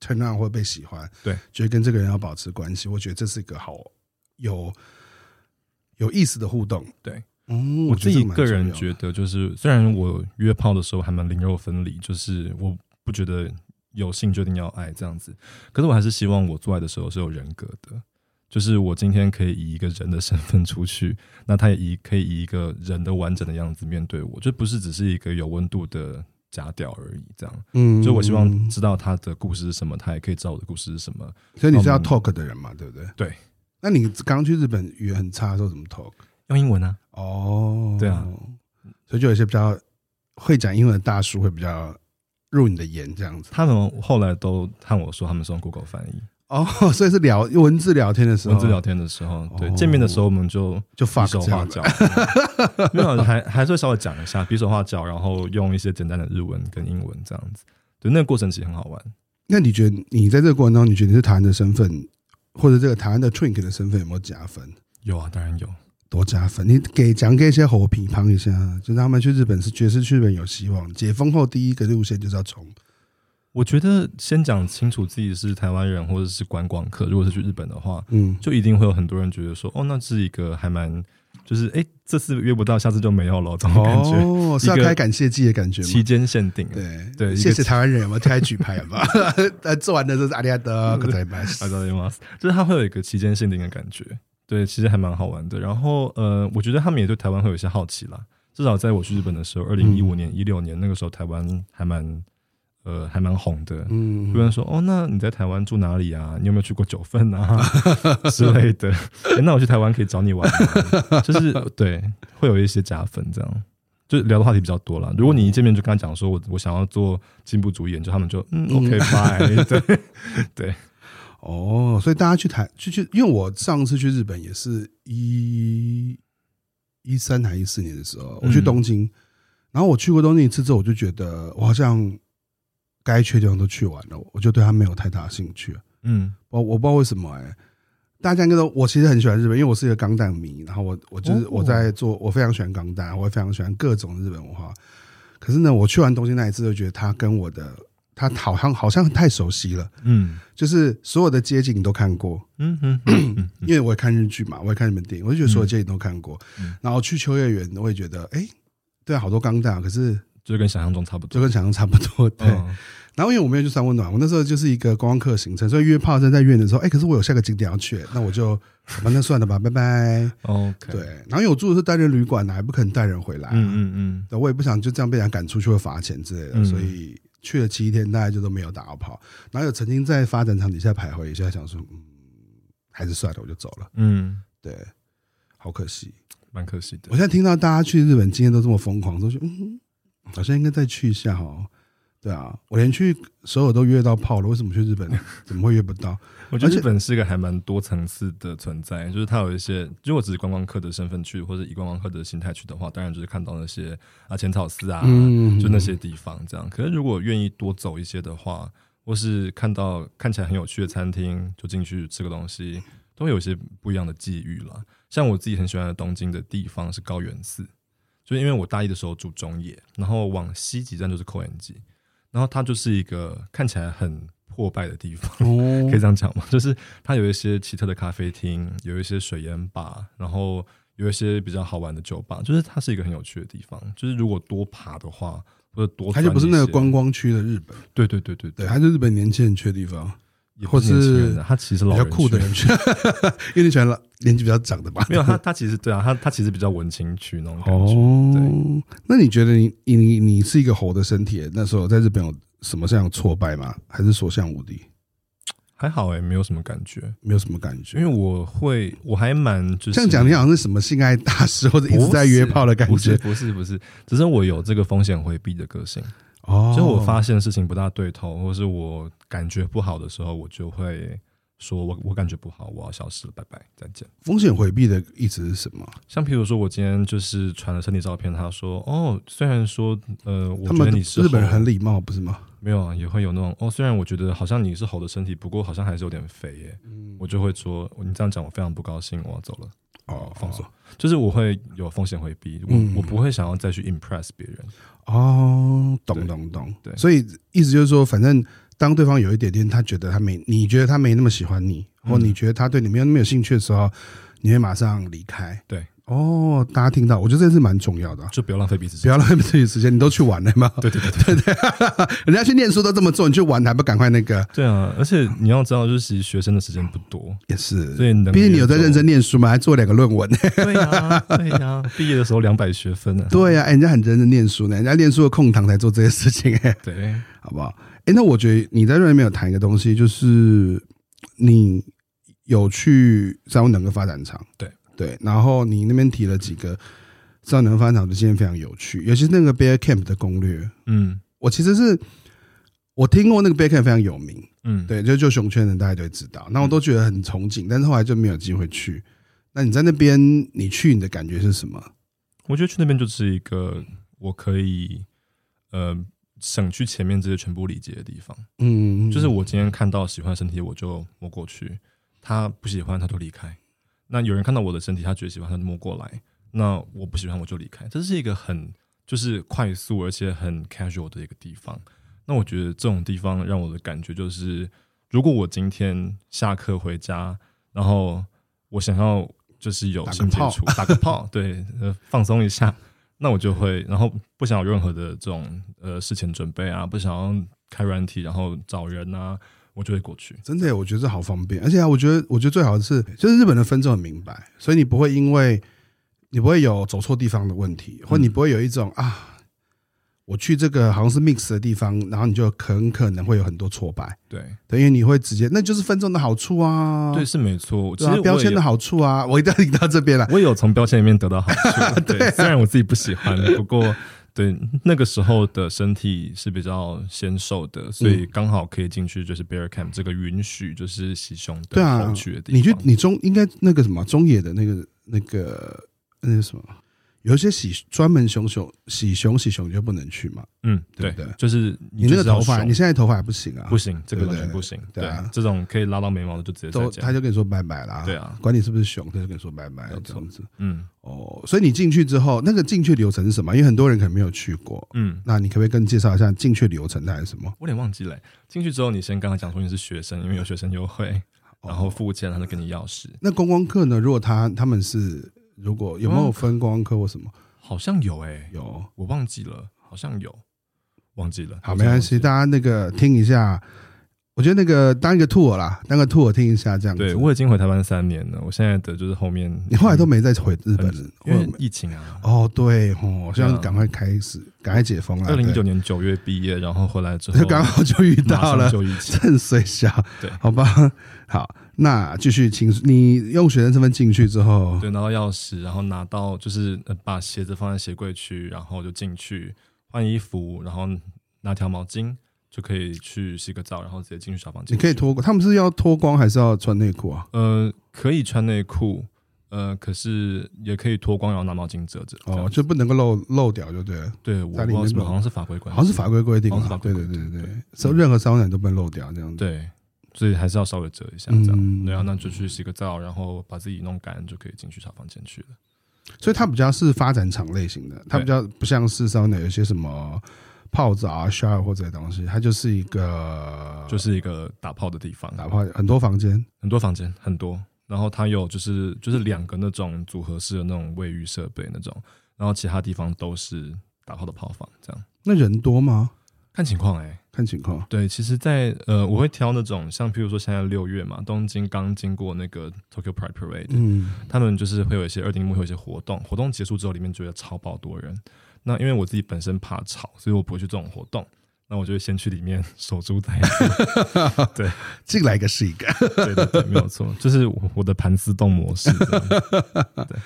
turn on 或者被喜歡，對，覺得跟這個人要保持關係。我覺得這是一個好有有意思的互動，對。我自己個人覺得，就是雖然我約炮的時候還蠻靈肉分離，就是我不覺得有性決定要愛這樣子，可是我還是希望我做愛的時候是有人格的，就是我今天可以以一個人的身份出去，那他也以可以以一個人的完整的樣子面對我，就不是只是一個有溫度的假屌而已這樣。嗯，所以我希望知道他的故事是什麼，他也可以知道我的故事是什麼。嗯。所以你是要 talk 的人嘛，對不對？對。那你剛去日本語言很差的時候怎麼 talk？用英文啊？哦，對啊，所以就有一些比較會講英文的大叔會比較入你的眼，這樣子。他們後來都和我說，他們是用 Google 翻譯。哦、oh，所以是聊用文字聊天的時候，文字聊天的時候，oh, 對，見面的時候我們就、oh, 就比手畫腳，哈哈哈，沒有，還還是會稍微講一下，比手畫腳，然後用一些簡單的日文跟英文這樣子。對，那個過程其實很好玩。那你覺得你在這個過程中，你覺得你是台灣的身份，或者這個台灣的 Twink 的身份，有沒有加分？有啊，當然有。多加分，你給講給一些好評，幫一下，就讓、是、他們去日本是爵士去日本有希望。解封後第一個路線就是要從。我覺得先講清楚自己是台灣人或者是,是觀光客、嗯，如果是去日本的話，嗯，就一定會有很多人覺得說，哦，那是一個還蠻，就是哎、欸，這次約不到，下次就沒有了，這種、哦、感覺。哦，是要開感謝祭的感覺嗎，期間限定，對對，謝謝台灣人，我們開舉牌吧。 [LAUGHS] 做完的就是ありがとうございます，就是他會有一個期間限定的感覺。對，其實還蠻好玩的。然後，呃，我覺得他們也對台灣會有一些好奇啦。至少在我去日本的時候，二零一五年、一六年、嗯、那個時候，台灣還蠻，呃，還蠻紅的。嗯，別人說，哦，那你在台灣住哪裡啊？你有沒有去過九份啊之類的？那我去台灣可以找你玩嗎？就是對，會有一些加分這樣，就聊的話題比較多了。如果你一見面就跟他講說我我想要做進步主義，就他們就嗯，嗯 OK bye 對對。嗯對對哦，所以大家去台去去，因為我上次去日本也是一一三還是一四年的時候，我去東京，嗯、然後我去過東京一次之後，我就覺得我好像該去的地方都去完了，我就對他沒有太大興趣、啊。嗯我，我我不知道為什麼哎、欸，大家應該都我其實很喜歡日本，因為我是一個鋼彈迷，然後我我就是我在做，我非常喜歡鋼彈，我也非常喜歡各種日本文化。可是呢，我去完東京那一次，就覺得他跟我的。他好像好像太熟悉了，嗯，就是所有的街景都看過，嗯嗯， [COUGHS] 因為我也看日劇嘛，我也看日本電影，我就覺得所有街景都看過。嗯、然後去秋葉原，我也覺得，哎、欸，對、啊，好多鋼彈、啊，可是就跟想象中差不多，就跟想象差不多。對。哦、然後因為我沒有去三溫暖，我那時候就是一個觀光客行程，所以約炮正在約的時候，哎、欸，可是我有下個景點要去，那我就，好吧，那算了吧，拜拜。OK、嗯。對。然後因為我住的是單人旅館、啊，還不肯帶人回來、啊，嗯嗯嗯對，我也不想就這樣被人趕出去會罰錢之類的，所以。嗯去了七天，大家就都沒有打過炮，然後有曾經在發展場底下徘徊一下，想說，嗯，還是算了，我就走了。嗯，對，好可惜，蠻可惜的。我現在聽到大家去日本今天都這麼瘋狂，都說嗯，好像應該再去一下哈、哦。對啊，我連去所有都約到炮了，為什麼去日本呢？怎麼會約不到？ [LAUGHS] 我覺得日本是一個還蠻多層次的存在，就是它有一些，如果只是觀光客的身份去，或者以觀光客的心態去的話，當然就是看到那些啊淺草寺啊，就那些地方這樣。嗯、可是如果願意多走一些的話，或是看到看起來很有趣的餐廳，就進去吃個東西，都會有一些不一樣的際遇了。像我自己很喜歡的東京的地方是高圓寺，就是因為我大一的時候住中野，然後往西幾站就是高圓寺。然後它就是一個看起來很破敗的地方，oh.， [LAUGHS] 可以這樣講嗎？就是它有一些奇特的咖啡廳，有一些水煙吧，然後有一些比較好玩的酒吧，就是它是一個很有趣的地方。就是如果多爬的話，或者多，它就不是那個觀光區的日本。對對對對對，對，還是日本年輕人去的地方。也是或是他其實比較酷的人群， [LAUGHS] 因為你喜歡老年紀比較長的吧 [LAUGHS] 沒有，他他其實對啊，他他其實比較文青區那種感覺、哦對。那你覺得你你你，你是一個猴的身體？那時候在日本有什麼樣挫敗嗎？還是所向無敵？還好哎，沒有什麼感覺，沒有什麼感覺，因為我會我還蠻就是這樣講，你好像是什麼性愛大師是或者一直在約炮的感覺？不是不是，不是，只是我有這個風險回避的個性。哦，就我發現事情不大對頭，或是我感覺不好的時候，我就會說我：“我我感覺不好，我要消失了，拜拜，再見。”風險回避的意思是什麼？像譬如說，我今天就是傳了身體照片，他說：“哦，雖然說，呃，我覺得你是他們日本人很禮貌，不是嗎？”沒有啊，也會有那種哦，雖然我覺得好像你是猴的身體，不過好像還是有點肥耶。嗯，我就會說：“你這樣講，我非常不高興，我要走了。哦”哦，放手就是我會有風險回避，嗯嗯我我不會想要再去 impress 別人。哦，懂懂懂對，對。所以意思就是說，反正當對方有一點點，他覺得他沒，你覺得他沒那麼喜歡你，或你覺得他對你沒有那麼有興趣的時候，你會馬上離開。對。哦，大家聽到，我覺得這件事蠻重要的，就不要浪費彼此時間，不要浪費自己時間。你都去玩了嗎？對對對對對，對， [LAUGHS] 人家去念書都這麼做，你去玩還不趕快那個？對啊，而且你要知道，就是其實學生的時間不多，也是。所以，畢竟你有在認真念書嘛，嗯、還做兩個論文。對啊，對啊。畢、 [LAUGHS] 啊、業的時候兩百學分呢。對啊，哎、欸，人家很認真念書呢，人家念書的空堂才做這些事情哎、欸。對，好不好？哎、欸，那我覺得你在裡面有談一個東西，就是你有去稍微能夠發展場，對。對，然後你那邊提了幾個少年發展，知道翻的經驗非常有趣，尤其是那個 Bear Camp 的攻略。嗯，我其實是我聽過那個 Bear Camp 非常有名。嗯，對，就就熊圈人大家都知道。那我都覺得很憧憬，但是後來就沒有機會去。那你在那邊，你去你的感覺是什麼？我覺得去那邊就是一個我可以呃省去前面這些全部理解的地方。嗯，嗯，嗯，就是我今天看到喜歡身體，我就摸過去；他不喜歡，他就離開。那有人看到我的身體，他覺得喜歡，他就摸過來。那我不喜歡，我就離開。這是一個很就是快速而且很 casual 的一個地方。那我覺得這種地方讓我的感覺就是，如果我今天下課回家，然後我想要就是有打個炮，打個炮，對，呃， [LAUGHS] 放鬆一下，那我就會，然後不想有任何的這種呃事前準備啊，不想要開軟體，然後找人啊。我就會過去，真的，我覺得這好方便，而且啊，我覺得我覺得最好的是，就是日本的分眾很明白，所以你不會因為你不會有走錯地方的問題，或你不會有一種啊，我去這個好像是 mix 的地方，然後你就很可,可能會有很多挫敗，對，等於你會直接，那就是分眾的好處啊，對，是沒錯、啊，其實標籤的好處啊，我一定要引到這邊來我有從標籤裡面得到好處， [LAUGHS] 對，對啊、雖然我自己不喜歡， [LAUGHS] 不過。對，那個時候的身體是比較纖瘦的，所以剛好可以進去，就是 Bear Camp 這個允許就是襲胸的，後的，我覺得你去你中應該那個什麼中野的那個那個那個什麼。有些洗專門熊熊洗熊洗熊你就不能去嘛？嗯，對對，對，就是，你，就是你那個頭髮，你現在頭髮還不行啊？不行，這個對對完全不行對。對啊，這種可以拉到眉毛的就直接走，他就跟你說拜拜啦。對啊，管你是不是熊，他就跟你說拜拜這樣子。嗯，哦，所以你進去之後，那個進去流程是什麼？因為很多人可能沒有去過。嗯，那你可不可以跟介紹一下進去流程還是什麼？嗯、我有點忘記了、欸。進去之後，你先剛才講說你是學生，因為有學生優惠，然後付錢，他就給你鑰匙。哦、那觀光客呢？如果他他們是。如果有沒有分光科或什麼？好像有誒、欸，有、哦、我忘記了，好像有忘記，忘記了。好，沒關係，大家那個聽一下。我覺得那個當一個 tour 啦，當個 tour 聽一下，這樣子。對，我已經回台灣三年了，我現在的就是後面你後來都沒再回日本了，因為疫情啊。哦，對哦，現在趕快開始，趕快解封了。二零一九年九月畢業，然後回來之後剛好就遇到了正歲小，對，好吧，好。那繼續，請你用學生身份進去之後，對，拿到鑰匙，然後拿到就是把鞋子放在鞋櫃區，然後就進去換衣服，然後拿條毛巾就可以去洗個澡，然後直接進去小房間。你可以脫，他們是要脫光還是要穿內褲啊？呃，可以穿內褲，呃，可是也可以脫光，然後拿毛巾遮着。哦，就不能夠漏漏掉，就對了。對，我我好像是法規規，好像是法規規定、定、定，對對對對對，所以、嗯、任何桑拿都不能漏掉這樣對。所以還是要稍微遮一下，嗯、這樣然後，那就去洗個澡，然後把自己弄乾，就可以進去找房間去了、嗯。所以它比較是發展場類型的，它比較不像是像哪一些什麼泡澡啊、shower 或者東西，它就是一個、嗯、就是一個打砲的地方，打砲很多房間，很多房間很,很多。然後它有就是就是兩個那種組合式的那種衛浴設備那種，然後其他地方都是打砲的砲房，這樣。那人多嗎？看情況哎、欸。嗯看情況，對，其實在，在呃，我會挑那種像，譬如說，現在六月嘛，東京剛經過那個 Tokyo Pride Parade，嗯，他們就是會有一些二丁目，有一些活動，活動結束之後，裡面就有超爆多人。那因為我自己本身怕吵，所以我不會去這種活動，那我就會先去裡面守株待兔。 [LAUGHS] 對，進來一個是一個， [LAUGHS] 對的，對沒有錯，就是我的盤絲洞模式。對，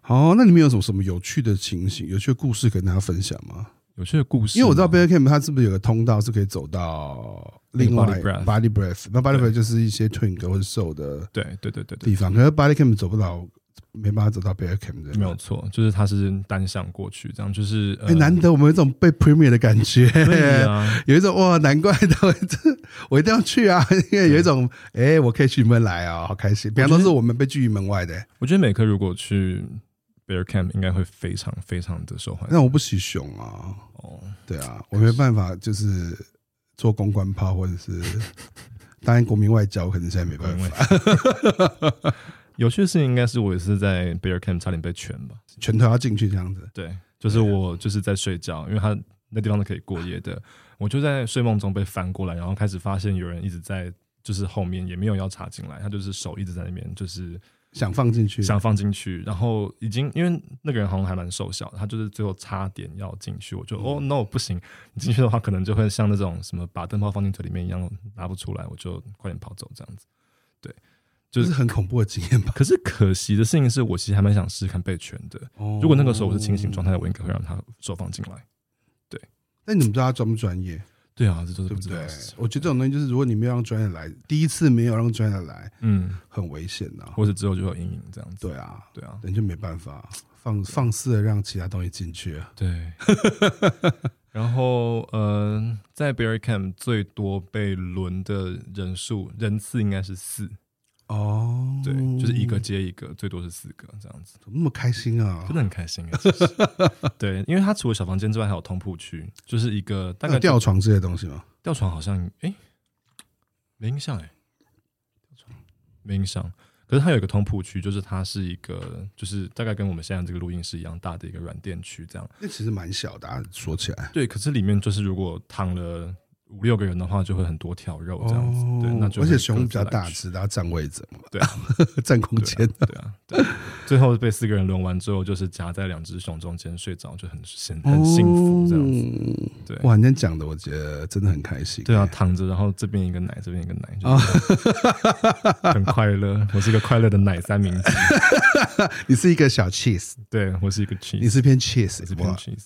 好，那裡面有什麼什麼有趣的情形、有趣的故事跟大家分享嗎？有趣的故事，因為我知道 bear camp 它是不是有個通道是可以走到另外 body breath，, body breath 那 body breath 就是一些 twink 或者瘦的，對對對對地方，可是 body cam 走不到，沒辦法走到 bear camp 的、嗯，沒有錯，就是它是單向過去，這樣就是很、欸嗯、難得我們有一種被 premiere 的感覺，啊、 [LAUGHS] 有一種哇，難怪的，這 [LAUGHS] 我一定要去啊，因為有一種、欸、我可以去你們來啊、喔，好開心，比方說是我們被拒於門外的、欸，我覺得每科如果去。Bear Camp 應該會非常非常的受歡迎，那我不喜熊啊。哦，對啊，我沒辦法，就是做公關炮或者是擔任、國民外交，可能現在沒辦法、哦。因為 [LAUGHS] 有趣的事情應該是我也是在 Bear Camp 差點被拳吧，拳頭要進去這樣子。對，就是我就是在睡覺，因為他那地方都可以過夜的， [LAUGHS] 我就在睡夢中被翻過來，然後開始發現有人一直在就是後面，也沒有要插進來，他就是手一直在那邊，就是。想放進去，想放進去，然後已經因為那個人好像還蠻瘦小的，他就是最後差點要進去，我就、嗯、哦 no 不行，你進去的話可能就會像那種什麼把燈泡放進嘴裡面一樣拿不出來，我就快點跑走這樣子，對，就是，是很恐怖的經驗吧。可是可惜的事情是我其實還蠻想試試看被拳的、哦，如果那個時候我是清醒狀態，我應該會讓他手放進來。對，那你們知道他專不專業？對啊，這就是不知道是對不對。我覺得這種東西就是，如果你沒有讓專業來，第一次沒有讓專業來，嗯，很危險的啊，或者之後就有陰影。這樣子，對啊，對啊，人就沒辦法放放肆的讓其他東西進去。啊對， [LAUGHS] [LAUGHS] 然後呃，在 Bear Camp 最多被輪的人數人次應該是四。哦、oh,，對，就是一個接一個，最多是四個這樣子。怎麼那麼開心啊？真的很開心啊！ [LAUGHS] 對，因為它除了小房間之外，還有通鋪區，就是一個大概、啊、吊床這些東西嗎？吊床好像誒，沒印象誒。吊床沒印象。可是它有一個通鋪區，就是它是一個，就是大概跟我們現在這個錄音室一樣大的一個軟墊區這樣。那其實蠻小的，說起來。對，可是裡面就是如果躺了。五六個人的話，就會很多條肉這樣子，哦、對，那就而且熊比較大只，要占位置嘛，對，占空間，對啊，最後被四個人輪完之後，就是夾在兩只熊中間睡着，就很、哦、很幸福這樣子，對，哇，你講的，我覺得真的很開心，對，對啊，躺着，然後這邊一個奶，這邊一個奶，就哦、 [LAUGHS] 很快樂，我是一個快樂的奶三明治。 [LAUGHS] [LAUGHS] 你是一個小 cheese，對，我是一個 cheese，你是一片 cheese，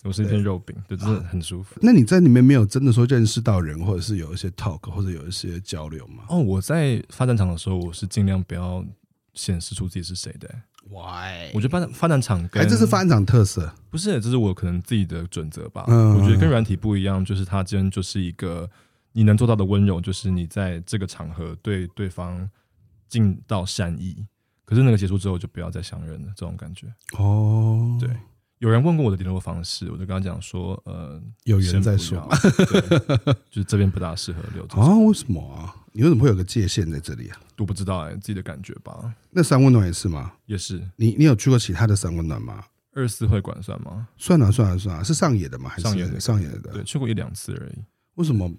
我是一片肉餅，對真的很舒服、啊。那你在裡面沒有真的說認識到人，或者是有一些 talk，或者有一些交流嗎？哦，我在發展場的時候，我是盡量不要顯示出自己是誰的、欸。Why? 我覺得發展發展場哎、欸，這是發展場特色，不是、欸，這是我可能自己的準則吧、嗯。我覺得跟軟體不一樣，就是它今天就是一個你能做到的溫柔，就是你在這個場合對對方盡到善意。可是那個結束之後，就不要再相認了，這種感覺哦。Oh. 對，有人問過我的聯絡方式，我就跟他講說，呃，有緣再說 [LAUGHS] 對，就是這邊不大適合留着啊。Oh, 為什麼啊？你為什麼會有個界限在這裡啊？我不知道哎、欸，自己的感覺吧。那三溫暖也是嗎？也是。你你有去過其他的三溫暖嗎？二四會館算嗎？算啊算啊算啊。是上野的嗎？還是上野的上野的，上野的？對，去過一兩次而已。為什麼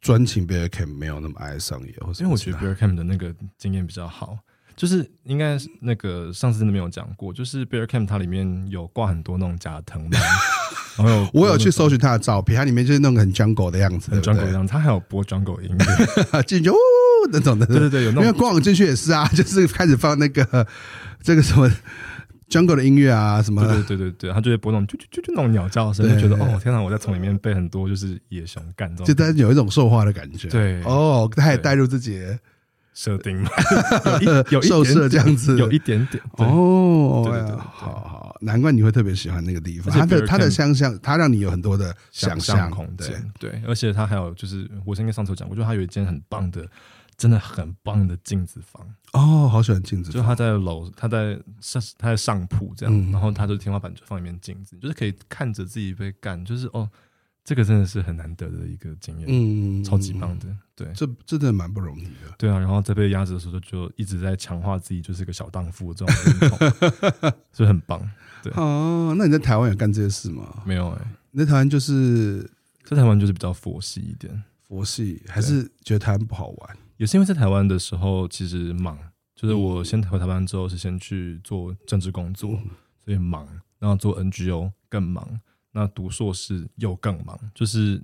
專情 Bearcamp 沒有那麼愛上野？或是因為我覺得 Bearcamp 的那個經驗比較好。就是應該是那個上次真的沒有講過，就是 Bear Camp 它裡面有掛很多那種假藤蔓，然後有 [LAUGHS] 我有去搜尋它的照片，它裡面就是那種很 jungle 的樣子，很 jungle 的樣子，它還有播 jungle 音樂進 [LAUGHS] 去，嗚那種的，對對對，有那種因為逛進去也是啊，就是開始放那個這個什麼 jungle 的音樂啊，什麼，對對對對，它就會播那種就就就就那種鳥叫聲，就覺得哦，天哪，我在叢裡面被很多就是野熊幹到，就但是有一種獸化的感覺，對，哦，他也帶入自己。設定，這樣子，有一點點，一點，點對哦。對對對對好好，好，難怪你會特別喜歡那個地方。Bearcam，它的它的想象，它讓你有很多的想象空間。對，而且它還有就是，我先跟上次講過，我覺得它有一間很棒的，真的很棒的鏡子房。哦，好喜歡鏡子，就是他在樓，他在，在上他在上鋪這樣，嗯、然後他就天花板就放一面鏡子，就是可以看着自己被幹，就是哦，這個真的是很難得的一個經驗，嗯，超級棒的。對這，這真的蠻不容易的。對啊，然後在被壓制的時候，就一直在強化自己，就是一個小蕩婦這種， [LAUGHS] 所以很棒。對哦，那你在台灣有幹這些事嗎？沒有哎、欸就是，在台灣就是在台灣就是比較佛系一點，佛系還是覺得台灣不好玩，也是因為在台灣的時候其實忙，就是我先回台灣之後是先去做政治工作，所以很忙，然後做 NGO 更忙，那讀碩士又更忙，就是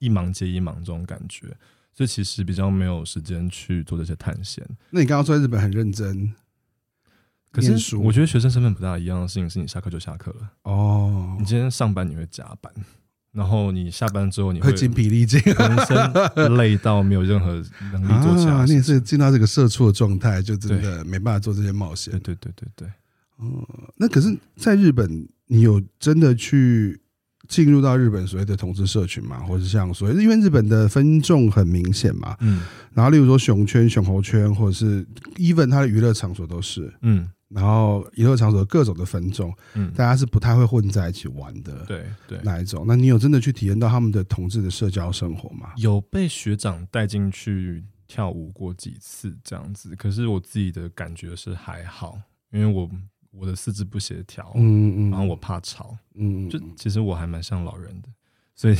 一忙接一忙這種感覺。就其實比較沒有時間去做這些探險。那你剛剛說在日本很認真，可是我覺得學生身份不大一樣的事情是，你下課就下課了。哦，你今天上班你會加班，然後你下班之後你會精疲力盡，渾身累到沒有任何能力做起來。 [LAUGHS] 啊，你也是進到這個社畜的狀態，就真的沒辦法做這些冒險。對對對，對對對對。哦，那可是，在日本，你有真的去？進入到日本所謂的同志社群嘛，或者像所謂，因為日本的分眾很明顯嘛，嗯，然後例如說熊圈、熊猴圈，或者是 even 他的娛樂場所都是，嗯，然後娛樂場所各種的分眾，嗯，大家是不太會混在一起玩的，對對，那一種，那你有真的去體驗到他們的同志的社交生活嗎？有被學長帶進去跳舞過幾次這樣子，可是我自己的感覺是還好，因為我。我的四肢不協調，嗯嗯，然後我怕吵，嗯嗯，就其實我還蠻像老人的，所以。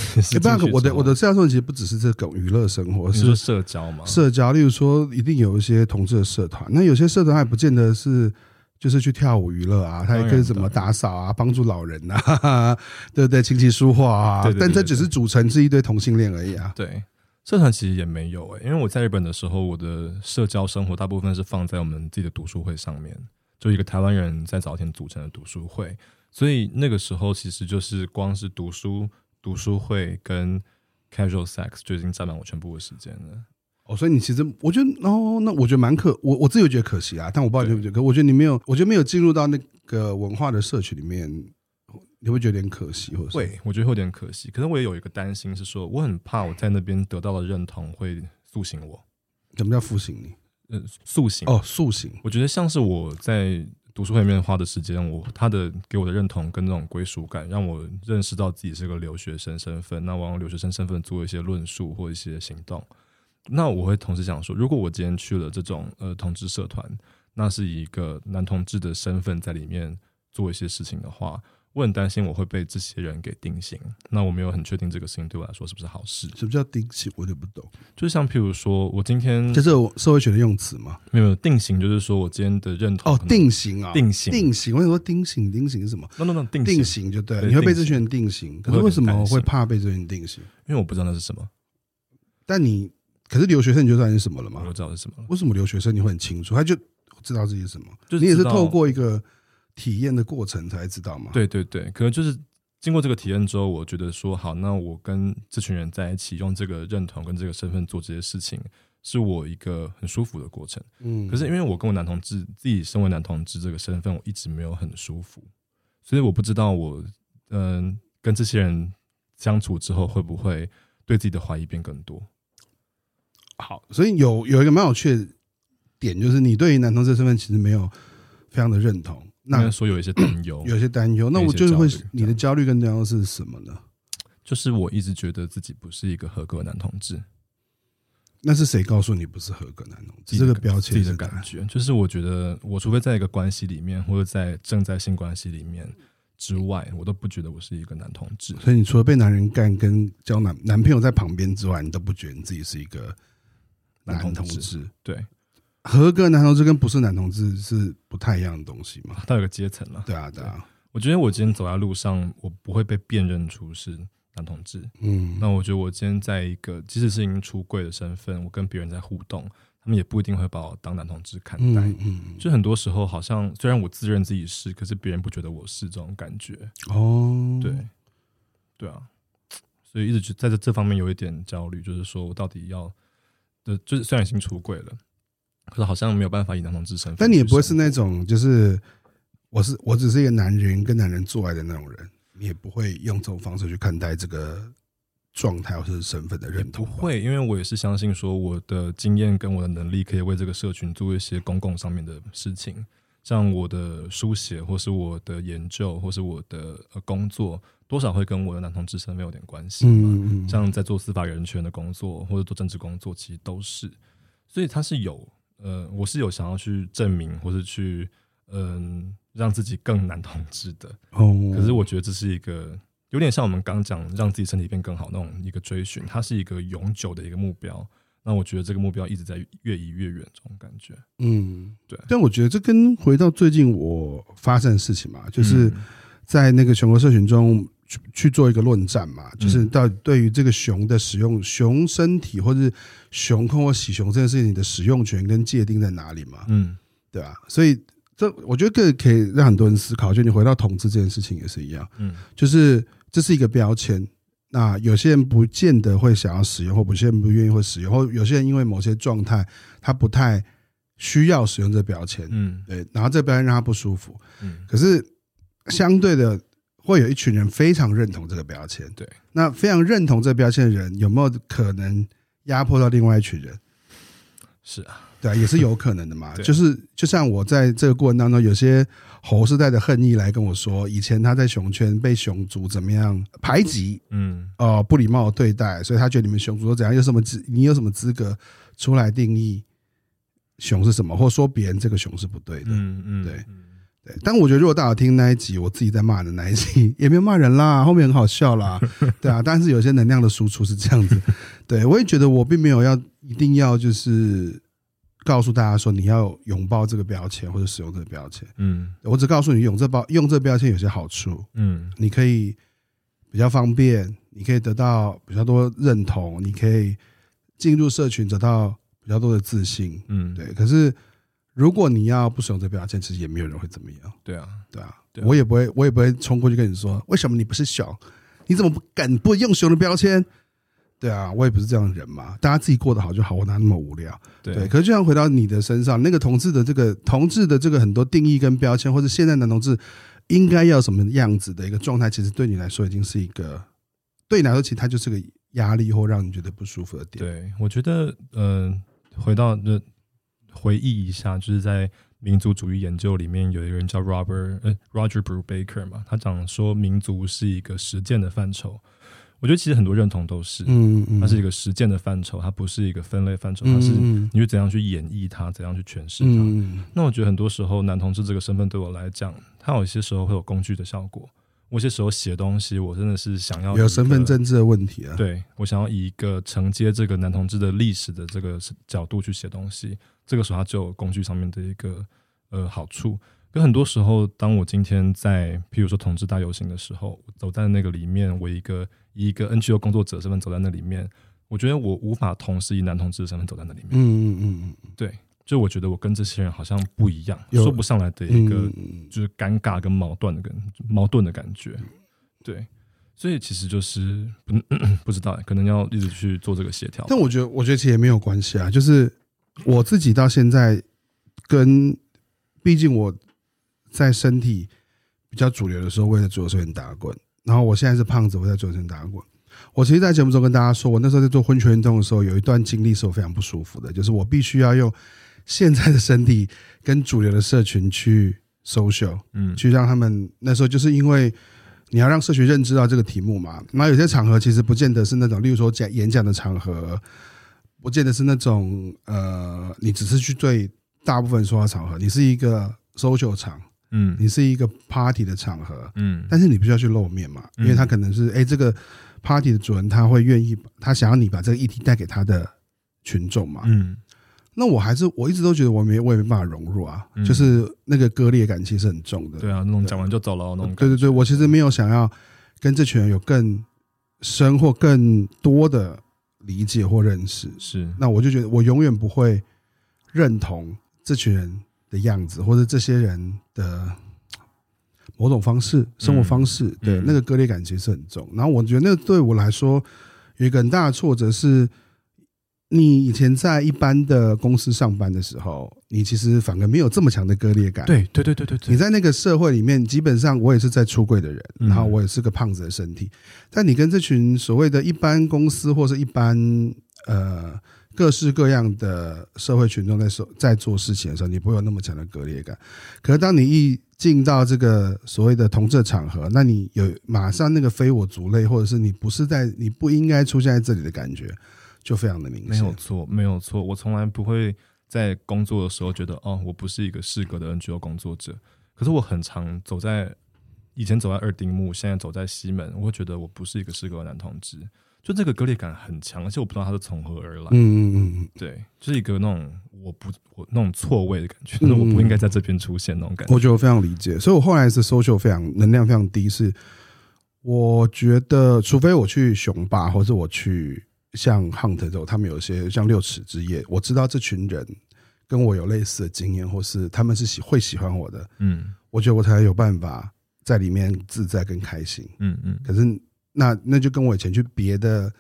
不，我的我的社交其實不只是這個娛樂生活，是不是社交嘛？社交，例如說，一定有一些同志的社團，那有些社團還不見得是、嗯、就是去跳舞娛樂啊，他也可以怎麼打掃啊，幫助老人吶、啊， [LAUGHS] 對不對？琴棋書畫啊對對對對對，但這只是組成是一堆同性戀而已啊。對，社團其實也沒有誒、欸，因為我在日本的時候，我的社交生活大部分是放在我們自己的讀書會上面。就一個台灣人在早前組成的讀書會，所以那個時候其實就是光是讀書讀書會跟 casual sex 就已經占滿我全部的時間了。哦，所以你其實我覺得，哦，那我覺得蠻可，我我自己覺得可惜啊。但我不知道你覺不覺得。可我覺得你沒有，我覺得沒有進入到那個文化的社群裡面，你會覺得有點可惜，會，對，我覺得會有點可惜。可是我也有一個擔心是說，我很怕我在那邊得到了認同會塑形我。怎麼叫塑形你？嗯、呃，塑形哦，oh, 塑形。我覺得像是我在讀書會裡面花的時間，我他的給我的認同跟那種歸屬感，讓我認識到自己是個留學生身份。那往留學生身份做一些論述或一些行動。那我會同時想說，如果我今天去了這種呃同志社團，那是以一個男同志的身份在裡面做一些事情的話。我很擔心我會被這些人給定型，那我沒有很確定這個事情對我來說是不是好事。什麼叫定型？我也不懂。就像譬如說，我今天這、就是我社會學的用詞嘛？沒有，沒有定型，就是說我今天的認同哦，定型啊、哦，定型，定型。我想說定型，定型是什麼？那那種定型就對了，了。你會被這群人定型，定型。可是為什麼我會怕被這群人定型？因為我不知道那是什麼。但你可是留學生，你就算是什麼了嗎？我知道是什麼了。為什麼留學生你會很清楚？他就知道自己是什麼。就是、你也是透過一個。體驗的過程才知道嘛。對對對，可能就是經過這個體驗之後，我覺得說好，那我跟這群人在一起，用這個認同跟這個身份做這些事情，是我一個很舒服的過程。嗯，可是因為我跟我男同志自己身為男同志這個身份，我一直沒有很舒服，所以我不知道我嗯跟這些人相處之後，會不會對自己的懷疑變更多。好，所以有有一個蠻有趣的點，就是你對於男同志身份其實沒有非常的認同。那所有一些擔憂， [COUGHS] 有些擔憂。那我就是會，你的焦慮跟擔憂是什麼呢？就是我一直覺得自己不是一個合格男同志。那是誰告訴你不是合格男同志？這個標籤的感覺，就是我覺得我，除非在一個關係裡面，嗯，或者在正在性關係裡面之外，我都不覺得我是一個男同志。所以，你除了被男人幹跟交男男朋友在旁邊之外，你都不覺得你自己是一個男同志？同志對。合格男同志跟不是男同志是不太一樣的東西嗎、啊、一嘛？到有個階層了。對啊，對啊對。我覺得我今天走在路上，我不會被辨認出是男同志。嗯。那我覺得我今天在一個，即使是已經出櫃的身份，我跟別人在互動，他們也不一定會把我當男同志看待。嗯，嗯。就很多時候，好像雖然我自認自己是，可是別人不覺得我是這種感覺。哦。對。對啊。所以一直就在這這方面有一點焦慮，就是說我到底要的，就是雖然已經出櫃了。可是好像沒有辦法以男同志身份，但你也不會是那種就是我是我只是一個男人跟男人做愛的那種人，你也不會用這種方式去看待這個狀態或是身份的認同。不會，因為我也是相信說我的經驗跟我的能力可以為這個社群做一些公共上面的事情，像我的書寫或是我的研究或是我的工作，多少會跟我的男同志身沒有點關係。嗯。像在做司法人權的工作或者做政治工作，其實都是，所以他是有。呃，我是有想要去證明，或是去嗯、呃、讓自己更男同志的。Oh. 可是我覺得這是一個有點像我們剛剛講讓自己身體變更好那種一個追尋，它是一個永久的一個目標。那我覺得這個目標一直在越移越遠，這種感覺。嗯，對。但我覺得這跟回到最近我發生的事情嘛，就是在那個全國社群中。去去做一個論戰嘛、嗯,就是到對於這個熊的使用，熊身體或者是熊控或喜熊這件事情的使用權跟界定在哪裡嘛？嗯，對吧？所以這我覺得可可以讓很多人思考，就你回到同志這件事情也是一樣，嗯，就是這是一個標籤，那有些人不見得會想要使用，或有些人不願意會使用，或有些人因為某些狀態他不太需要使用這標籤，嗯，對，然後這標籤讓他不舒服、嗯，可是相對的。會有一群人非常認同這個標籤，對。那非常認同這個標籤的人，有沒有可能壓迫到另外一群人？是啊，對啊，也是有可能的嘛。 [LAUGHS] 就是就像我在這個過程當中，有些猴是帶着恨意來跟我說，以前他在熊圈被熊族怎麼樣排擠，嗯，哦、呃，不禮貌對待，所以他覺得你們熊族都怎樣，有什麼資，你有什麼資格出來定義熊是什麼，或說別人這個熊是不對的，嗯嗯，對。嗯但我覺得，如果大家聽那一集，我自己在罵人的那一集，也沒有罵人啦，後面很好笑啦，對啊。但是有些能量的輸出是這樣子，對，我也覺得我並沒有要一定要就是告訴大家說你要擁抱這個標籤或者使用這個標籤，嗯，我只告訴你用這包用這標籤有些好處，嗯，你可以比較方便，你可以得到比較多認同，你可以進入社群得到比較多的自信，嗯，對。嗯、可是。如果你要不使用這個標籤，其實也沒有人會怎麼樣。對啊，對啊，對啊，我也不會，我也不會衝過去跟你說為什麼你不是熊，你怎麼不敢不用熊的標籤？對啊，我也不是這樣的人嘛。大家自己過得好就好，我哪那麼無聊？對。對，可是就像回到你的身上，那個同志的這個同志的這個很多定義跟標籤，或者現在男同志應該要什麼樣子的一個狀態，其實對你來說已經是一個對你來說，其實它就是個壓力或讓你覺得不舒服的點。對，我覺得，嗯、呃，回到那。回憶一下，就是在民族主義研究裡面，有一個人叫 Robert 呃、欸、Roger Brubaker 嘛，他講說民族是一個實踐的範疇。我覺得其實很多認同都是，嗯嗯，它是一個實踐的範疇，它不是一個分類範疇，它、嗯、是你會怎樣去演繹它、嗯，怎樣去詮釋它。那我覺得很多時候，男同志這個身份對我來講，它有一些時候會有工具的效果。我有一些時候寫東西，我真的是想要有、有身份政治的問題、啊，對，我想要以一個承接這個男同志的歷史的這個角度去寫東西。這個時候，它就有工具上面的一個呃、好處。可很多時候，當我今天在，譬如說同志大遊行的時候，走在那個裡面，我一個以一個 NGO 工作者身份走在那裡面，我覺得我無法同時以男同志的身份走在那裡面。嗯嗯嗯嗯，對，就我覺得我跟這些人好像不一樣，說不上來的一個、嗯、就是尷尬跟矛盾的跟矛盾的感覺。對，所以其實就是不，咳咳，不知道，可能要一直去做這個協調。但我覺得，我覺得其實也沒有關係啊，就是。我自己到現在，跟，畢竟我，在身體比較主流的時候，我也在主流社群打滾。然後我現在是胖子，我也在主流社群打滾。我其實，在節目中跟大家說，我那時候在做婚權運動的時候，有一段經歷是我非常不舒服的，就是我必須要用現在的身體跟主流的社群去 social，嗯，去讓他們那時候就是因為你要讓社群認知到這個題目嘛。那有些場合其實不見得是那種，例如說講演講的場合。不見得是那種，呃，你只是去對大部分說話場合，你是一個 social 場，嗯，你是一個 party 的場合，嗯，但是你不需要去露面嘛，嗯、因為他可能是，哎、欸，這個 party 的主人他會願意，他想要你把這個議題帶給他的群眾嘛，嗯，那我還是我一直都覺得我沒我也沒辦法融入啊，嗯、就是那個割裂感其實很重的，對啊，那種講完就走了，哦，那種，對對對，我其實沒有想要跟這群人有更深或更多的。理解或認識是，那我就覺得我永遠不會認同這群人的樣子，或者這些人的某種方式、生活方式。嗯、對、嗯，那個割裂感其實是很重。然後我覺得，那個對我來說有一個很大的挫折是。你以前在一般的公司上班的時候，你其實反而沒有這麼強的割裂感。對對對對對，對，你在那個社會裡面，基本上我也是在出櫃的人，然後我也是個胖子的身體。但你跟這群所謂的一般公司或者一般呃各式各樣的社會群眾在做、在做事情的時候，你不會有那麼強的割裂感。可是當你一進到這個所謂的同志場合，那你有馬上那個非我族類，或者是你不是在、你不應該出現在這裡的感覺。就非常的明顯，沒有錯，沒有錯。我從來不會在工作的時候覺得，哦，我不是一個適格的 NGO 工作者。可是我很常走在以前走在二丁目，現在走在西門，我會覺得我不是一個適格的男同志。就這個割裂感很強，而且我不知道他是從何而來。嗯嗯嗯，對，就是一個那種我不我那種錯位的感覺，嗯、但是我不應該在這邊出現那種感覺。我覺得我非常理解，所以我後來是 social 非常能量非常低是，是我覺得除非我去熊吧，或者我去。像 hunt 這種，他們有一些像六尺之夜，我知道這群人跟我有類似的經驗，或是他們是喜會喜歡我的，嗯，我覺得我才有辦法在裡面自在跟開心，嗯嗯。可是那那就跟我以前去別的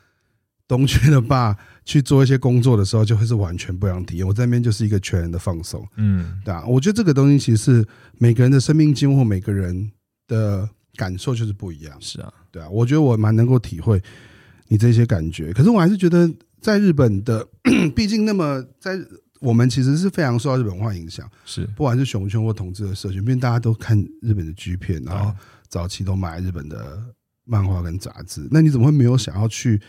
東區的吧去做一些工作的時候，就會是完全不一樣的體驗。我在那邊就是一個全然的放鬆，嗯，對啊。我覺得這個東西其實是每個人的生命經歷、每個人的感受就是不一樣，是啊，對啊。我覺得我蠻能夠體會。你這些感覺，可是我還是覺得，在日本的，畢 [COUGHS] 竟那麼在我們其實是非常受到日本文化影響，是，不管是熊圈或同志的社群，因為大家都看日本的 G 片，然後早期都買日本的漫畫跟雜誌。那你怎麼會沒有想要去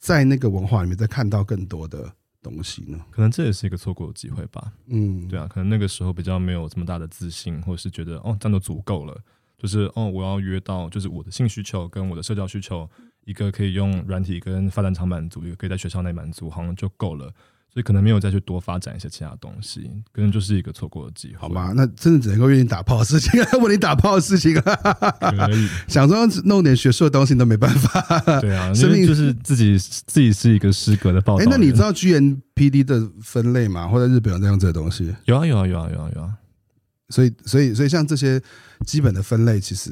在那個文化裡面再看到更多的東西呢？可能這也是一個錯過的機會吧。嗯，對啊，可能那個時候比較沒有這麼大的自信，或者是覺得哦，這樣都足夠了，就是哦，我要約到，就是我的性需求跟我的社交需求。一個可以用軟體跟發展場滿足，一個可以在學校內滿足，好像就夠了，所以可能沒有再去多發展一些其他東西，可能就是一個錯過的機會，好嗎？那真的只能夠願意打炮的事情，問你打炮的事情，可以想說弄點學術的東西你都沒辦法。對啊，生命就是自己自己是一個失格的報道。欸，那你知道 G N P D 的分類嗎？或者日本有那樣子的東西？有啊有啊有啊有啊有啊。有啊有啊有啊所以，所以，所以，像這些基本的分類，其實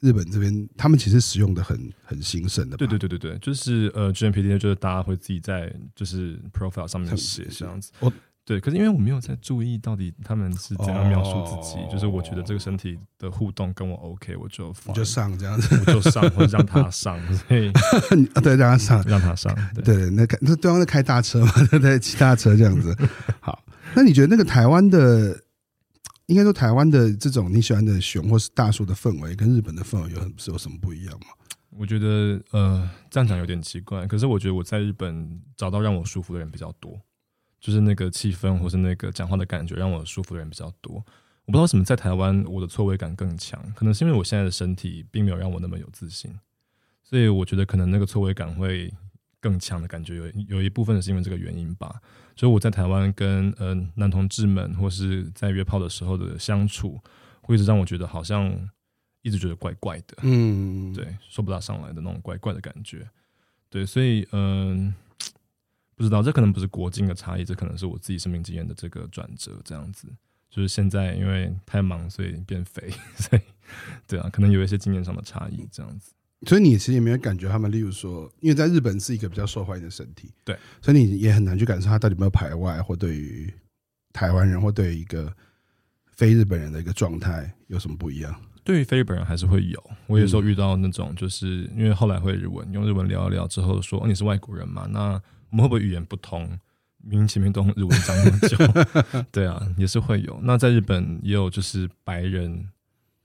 日本這邊他們其實使用的很很興盛的。對，對，對，對，對，就是呃，之前 PTT 就是大家會自己在就是 profile 上面寫這樣子。哦，對，可是因為我沒有在注意到底他們是怎樣描述自己，哦、就是我覺得這個身體的互動跟我 OK，我就我就上這樣子，我就上，我就讓他上，所以、 [LAUGHS] 哦、對，讓他上，讓他上，對對，那那對方在開大車嘛？對對，騎大車這樣子。 [LAUGHS] 好，那你覺得那個台灣的？應該說，台灣的這種你喜歡的熊或是大叔的氛圍，跟日本的氛圍有是有什麼不一樣嗎？我覺得，呃，這樣講有點奇怪。可是我覺得我在日本找到讓我舒服的人比較多，就是那個氣氛或是那個講話的感覺讓我舒服的人比較多。我不知道為什麼在台灣我的錯位感更強，可能是因為我現在的身體並沒有讓我那麼有自信，所以我覺得可能那個錯位感會更強的感覺有有一部分是因為這個原因吧，所以我在台灣跟呃男同志們或是在約炮的時候的相處，會一直讓我覺得好像一直覺得怪怪的，嗯，對，說不大上來的那種怪怪的感覺，對，所以嗯、呃，不知道這可能不是國境的差異，這可能是我自己生命經驗的這個轉折，這樣子，就是現在因為太忙所以變肥，所以對啊，可能有一些經驗上的差異，這樣子。所以你其實也沒有感覺他們，例如說，因為在日本是一個比較受歡迎的身體，對，所以你也很難去感受他到底有沒有排外，或對於台灣人，或對於一個非日本人的一個狀態有什麼不一樣。對於非日本人還是會有，我有時候遇到那種就是、嗯、因為後來會日文，用日文聊一聊之後說，哦，你是外國人嘛？那我們會不會語言不通？明明前面都用日文講那麼久， [LAUGHS] 對啊，也是會有。那在日本也有就是白人。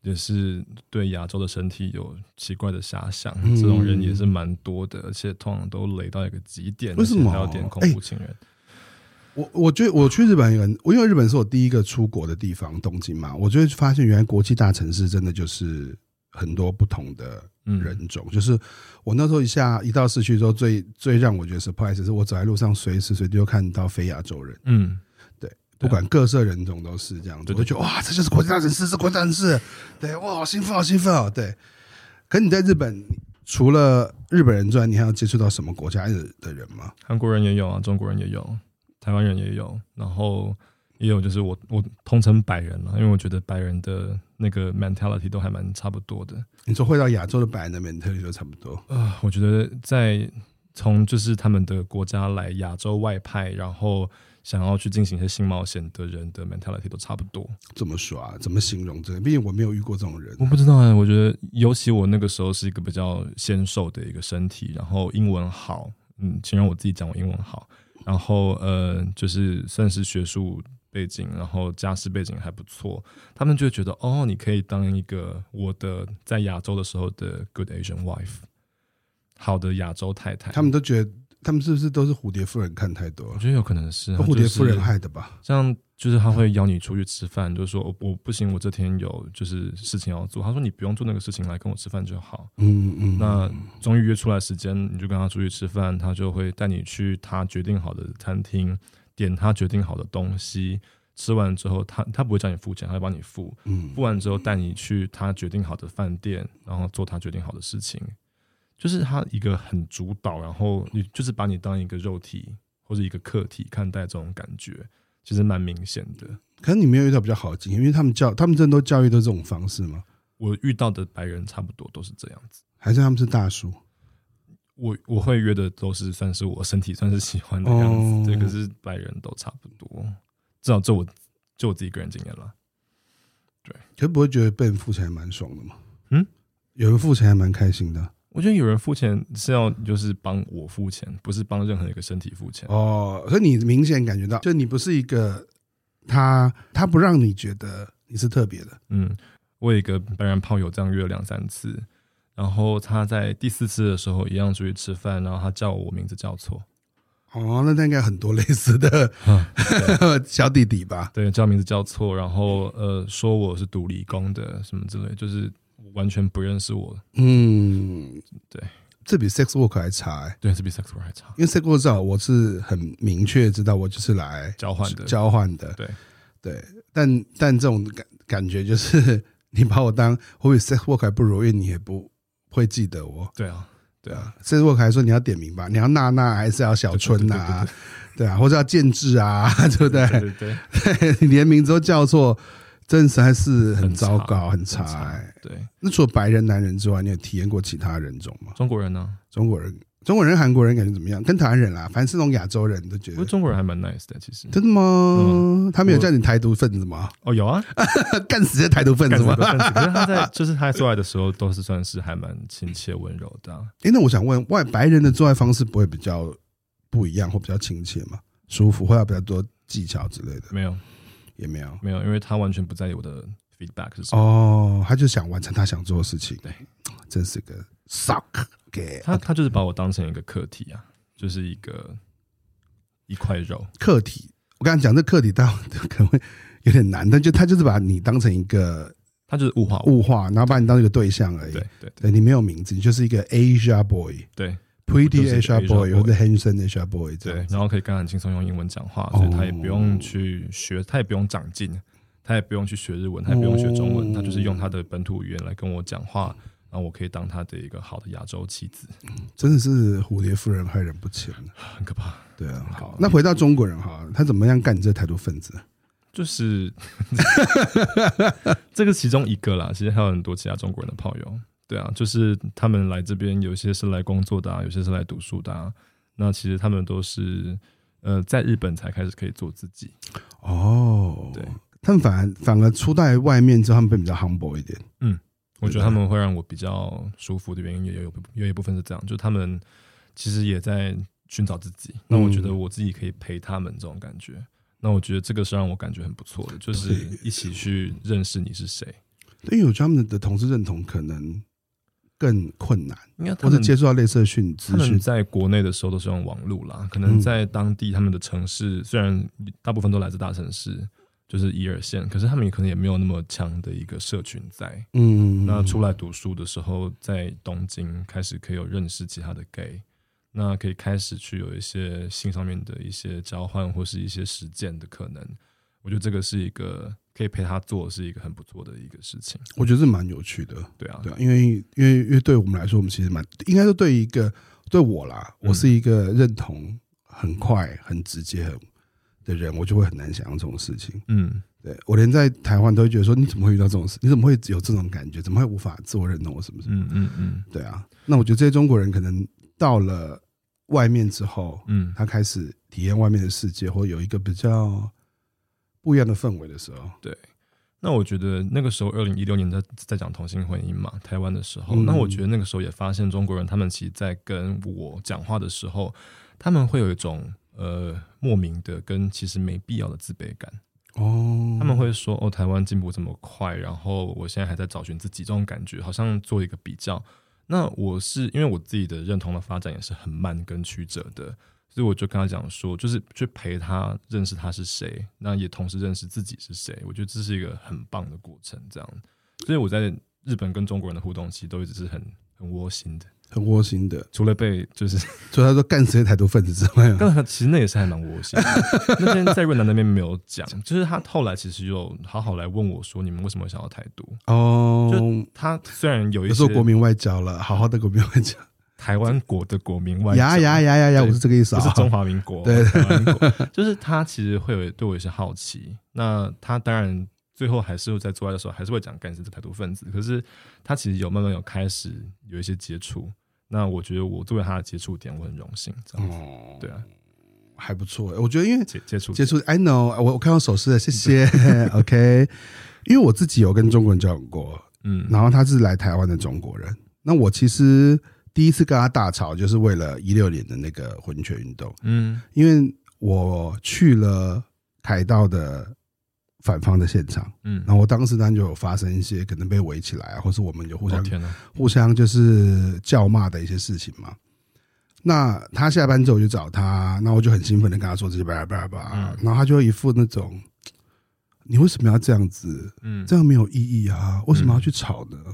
也是對亞洲的身體有奇怪的遐想。嗯，這種人也是蠻多的，而且通常都累到一個極點，為什麼？有點恐怖情人。欸、我我覺得我去日本人，因為日本是我第一個出國的地方，東京嘛，我就會發現原來國際大城市真的就是很多不同的人種。嗯、就是我那時候一下一到市區之後，最最讓我覺得 surprise 是我走在路上，隨時隨地都看到非亞洲人。嗯。不管各色人種都是這樣，對對，我就覺得哇，這就是國際大城市，是國際大城市，對哇，好興奮，好興奮啊！對。可你在日本，除了日本人之外，你還要接觸到什麼國家的的人嗎？韓國人也有啊，中國人也有，台灣人也有，然後也有就是我我通稱白人了、啊，因為我覺得白人的那個 mentality 都還蠻差不多的。你說會到亞洲的白人的 mentality 都差不多啊、呃？我覺得在從就是他們的國家來亞洲外派，然後。想要去進行一些新冒險的人的 mentality 都差不多。怎麼說啊？怎麼形容這個？畢、嗯、竟我沒有遇過這種人、啊，我不知道哎、欸，我覺得，尤其我那個時候是一個比較纖瘦的一個身體，然後英文好，嗯，請讓我自己講我英文好。然後呃，就是算是學術背景，然後家世背景還不錯。他們就覺得，哦，你可以當一個我的在亞洲的時候的 good Asian wife，好的亞洲太太。他們都覺得。他們是不是都是蝴蝶夫人看太多？我覺得有可能是、就是、蝴蝶夫人害的吧。像就是他會邀你出去吃飯，嗯，就是說我不行，我這天有就是事情要做。他說，你不用做那個事情來跟我吃飯就好。嗯嗯。那終於約出來時間，你就跟他出去吃飯，他就會帶你去他決定好的餐廳，點他決定好的東西。吃完之後他、他他不會叫你付錢，他會幫你付，嗯。付完之後帶你去他決定好的飯店，然後做他決定好的事情。就是他一個很主導，然後你就是把你當一個肉體或者一個客體看待，這種感覺其實蠻明顯的。可是你沒有遇到比較好的經驗，因為他們教，他們真的都教育的這種方式嗎？我遇到的白人差不多都是這樣子，還是他們是大叔？我我會約的都是算是我身體算是喜歡的樣子，這、哦、個是白人都差不多，至少就我就我自己個人經驗了。對，可不會覺得被人付錢還蠻爽的嗎？嗯，有人付錢還蠻開心的。我覺得有人付錢是要就是幫我付錢，不是幫任何一個身體付錢。哦，可你明顯感覺到，就你不是一個他，他不讓你覺得你是特別的。嗯，我有一個白人炮友這樣約了兩三次，然後他在第四次的時候一樣出去吃飯，然後他叫我名字叫錯。哦，那他應該很多類似的， [LAUGHS] 小弟弟吧？對，叫名字叫錯，然後呃，說我是讀理工的什麼之類，就是。完全不認識我，嗯，對，這比 sex work 還差。欸，對，這比 sex work 還差，因為 sex work 我是很明確知道我就是來交換的，交換的，對，對，但但這種感感覺就是你把我當，我比 sex work 還不如意，你也不會記得我，對啊，對啊，對啊，sex work 還說你要點名吧，你要娜娜還是要小春吶？啊，對啊，或者要建志啊， [LAUGHS] 對不對，對，對？對。你連名字都叫錯。真實還是很糟糕很很、欸，很差。對，那除了白人男人之外，你有體驗過其他人種嗎？中國人呢、啊？中國人，中國人，韓國人感覺怎麼樣？跟台灣人啦，凡是那種亞洲人都覺得，覺得中國人還蠻 nice 的。其實真的嗎、嗯？他沒有叫你台獨分子嗎？哦，有啊，幹 [LAUGHS] 死台獨分子嘛！覺得他在就是他在做愛的時候 [LAUGHS] 都是算是還蠻親切溫柔的、啊。哎、欸，那我想問，外白人的做愛方式不會比較不一樣，或比較親切嗎？舒服，會有比較多技巧之類的？沒有。也沒有，沒有，因為他完全不在意我的 feedback 是什麼。哦，他就想完成他想做的事情。對，真是個 suck, okay, 給他，okay. 他就是把我當成一個課題啊，就是一個一塊肉。課題，我剛才講這課題到，可能會有點難，但就他就是把你當成一個，他就是物化，物化，然後把你當成一個對象而已。對對，對，對，你沒有名字，你就是一個 Asia boy。對。Pretty Asia boy，或者 Handsome Asia boy，, boy 對，然後可以跟很輕鬆用英文講話，所以他也不用去學，哦、他也不用長進，他也不用去學日文，他也不用學中文，哦、他就是用他的本土語言來跟我講話，然後我可以當他的一個好的亞洲妻子、嗯，真的是蝴蝶夫人害人不淺，很可怕，對啊。好，那回到中國人哈，他怎麼樣幹你這台獨分子？就是 [LAUGHS] [LAUGHS] [LAUGHS] 這個是其中一個啦，其實還有很多其他中國人的炮友。對啊，就是他們來這邊，有些是來工作的、啊，有些是來讀書的、啊。那其實他們都是，呃，在日本才開始可以做自己。哦，對，他們反而反而出在外面之後，他們會比較 humble 一點。嗯，我覺得他們會讓我比較舒服的原因，也有有一部分是這樣，就他們其實也在尋找自己。那我覺得我自己可以陪他們這種感覺。嗯、那我覺得這個是讓我感覺很不錯的，就是一起去認識你是誰。因為我覺得他們的同事認同，可能。更困難，我是或者接觸到類似的訊資訊，他們在國內的時候都是用網絡啦。可能在當地，他們的城市，嗯、雖然大部分都來自大城市，就是一二線，可是他們也可能也沒有那麼強的一個社群在。嗯，那出來讀書的時候，在東京開始可以有認識其他的 gay，那可以開始去有一些性上面的一些交換或是一些實踐的可能。我覺得這個是一個。可以陪他做是一個很不錯的一個事情，我覺得是蠻有趣的。對啊，對啊，因為因為因為對我們來說，我們其實蠻應該說，對一個對我啦，嗯、我是一個認同很快、很直接、很的人，我就會很難想象這種事情。嗯對，對我連在台灣都會覺得說，你怎麼會遇到這種事？你怎麼會有這種感覺？怎麼會無法自我認同？什麼什麼？嗯嗯嗯，對啊。那我覺得這些中國人可能到了外面之後，嗯，他開始體驗外面的世界，或有一個比較。不一樣的氛圍的時候，對，那我覺得那個時候，二零一六年在在講同性婚姻嘛，台灣的時候，嗯，那我覺得那個時候也發現中國人他們其實在跟我講話的時候，他們會有一種呃莫名的跟其實沒必要的自卑感哦，他們會說哦，台灣進步這麼快，然後我現在還在找尋自己這種感覺，好像做一個比較。那我是，因為我自己的認同的發展也是很慢跟曲折的。所以我就跟他講說，就是去陪他認識他是誰，那也同時認識自己是誰。我覺得這是一個很棒的過程，這樣。所以我在日本跟中國人的互動，其實都一直是很很窩心的，很窩心的。除了被就是，除了他說幹死這些台獨分子之外，但其實那也是還蠻窩心的。 [LAUGHS] 那天在越南那邊沒有講， [LAUGHS] 就是他後來其實又好好來問我說，你們為什麼想要台獨？哦、oh,，就他雖然有一次做國民外交了，好好的國民外交。臺灣國的國民外、外呀，呀，呀，呀，呀，呀，我是這個意思、喔，是中華民國。對，對，就是他其實會有對我有些好奇， [LAUGHS] 那他當然最後還是在做愛的時候還是會講，你是這台獨分子。可是他其實有慢慢有開始有一些接觸，那我覺得我作為他的接觸點，我很榮幸這樣子、嗯。對啊，還不錯。我覺得因為接觸接觸，I know，我我看到手勢了，謝謝。OK， [LAUGHS] 因為我自己有跟中國人交往過，嗯，然後他是來台灣的中國人，嗯、那我其實。第一次跟他大吵，就是為了一六年的那個婚權運動。嗯，因為我去了凱道的反方的現場，嗯，然後我當時呢就有發生一些可能被圍起來啊，或是我們就互相、哦、互相就是叫罵的一些事情嘛。那他下班之後我就找他，那我就很興奮的跟他說這些吧吧吧，然後他就一副那種你為什麼要這樣子？嗯，這樣沒有意義啊，為什麼要去吵呢？嗯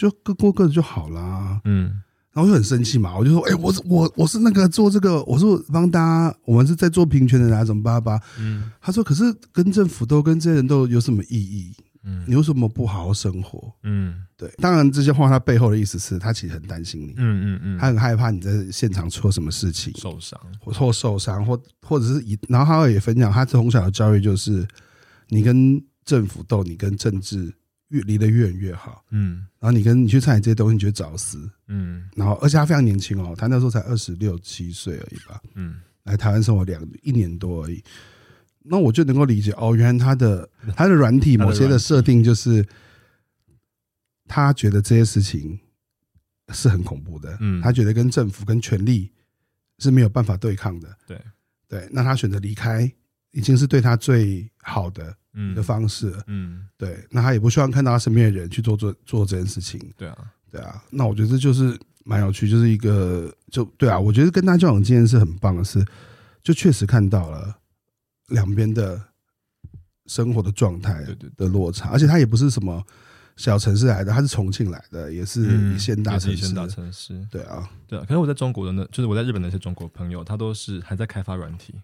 就各過各的就好啦。嗯，然後我就很生氣嘛，我就說，哎、欸，我是我是我是那個做這個，我是幫大家，我們是在做平權的哪種爸爸，嗯，他說，可是跟政府鬥，跟這些人都有什麼意義？嗯，你有什麼不好好生活？嗯，對，當然這些話他背後的意思是，他其實很擔心你，嗯嗯嗯，他很害怕你在現場出了什麼事情，受傷或受傷或或者是一，然後他也分享，他從小的教育就是，你跟政府鬥，你跟政治。越離得越遠越好，嗯。然後你跟你去參與這些東西，你去找死，嗯。然後，而且他非常年輕哦，他那時候才二十六七歲而已吧，嗯。來台灣生活兩一年多而已，那我就能夠理解哦，原來他的他的軟體某些的設定就是他，他覺得這些事情是很恐怖的，嗯。他覺得跟政府跟權力是沒有辦法對抗的，對對。那他選擇離開。已經是對他最好的嗯的方式了嗯，嗯，對，那他也不希望看到他身邊的人去做做做這件事情，對啊，對啊，那我覺得這就是蠻有趣，嗯，就是一個就對啊，我覺得跟他交往經驗是很棒的事，就確實看到了兩邊的生活的狀態的落差，對對對，而且他也不是什麼小城市來的，他是重慶來的也，嗯，也是一線大城市，對啊，對啊，可是我在中國的那就是我在日本的一些中國朋友，他都是還在開發軟體。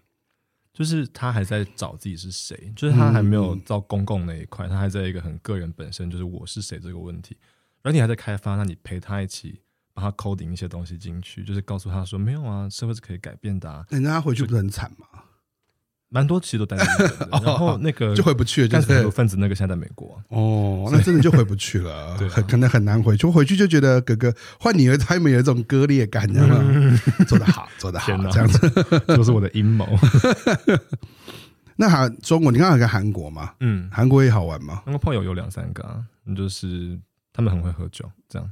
就是他還在找自己是誰，就是他還沒有到公共那一塊、嗯，他還在一個很個人本身，就是我是誰這個問題。然後你還在開發，那你陪他一起把他 coding 一些東西進去，就是告訴他說，沒有啊，社會是可以改變的啊。欸，那你讓他回去不是很慘嗎？蠻多其實都待在美國、哦哦，然後那個就回不去了，就是分子那個現在，在美國、啊、哦，那真的就回不去了， [LAUGHS] 對，可能很難回，我回去就覺得哥哥換女兒他們有一種割裂感，你知道嗎？嗯、做得好，做得好，這樣子都是我的陰謀。 [LAUGHS] [LAUGHS] 那好，中國你剛看好韓國嘛，嗯，韓國也好玩嘛，那個朋友有兩三個、啊，就是他們很會喝酒，這樣。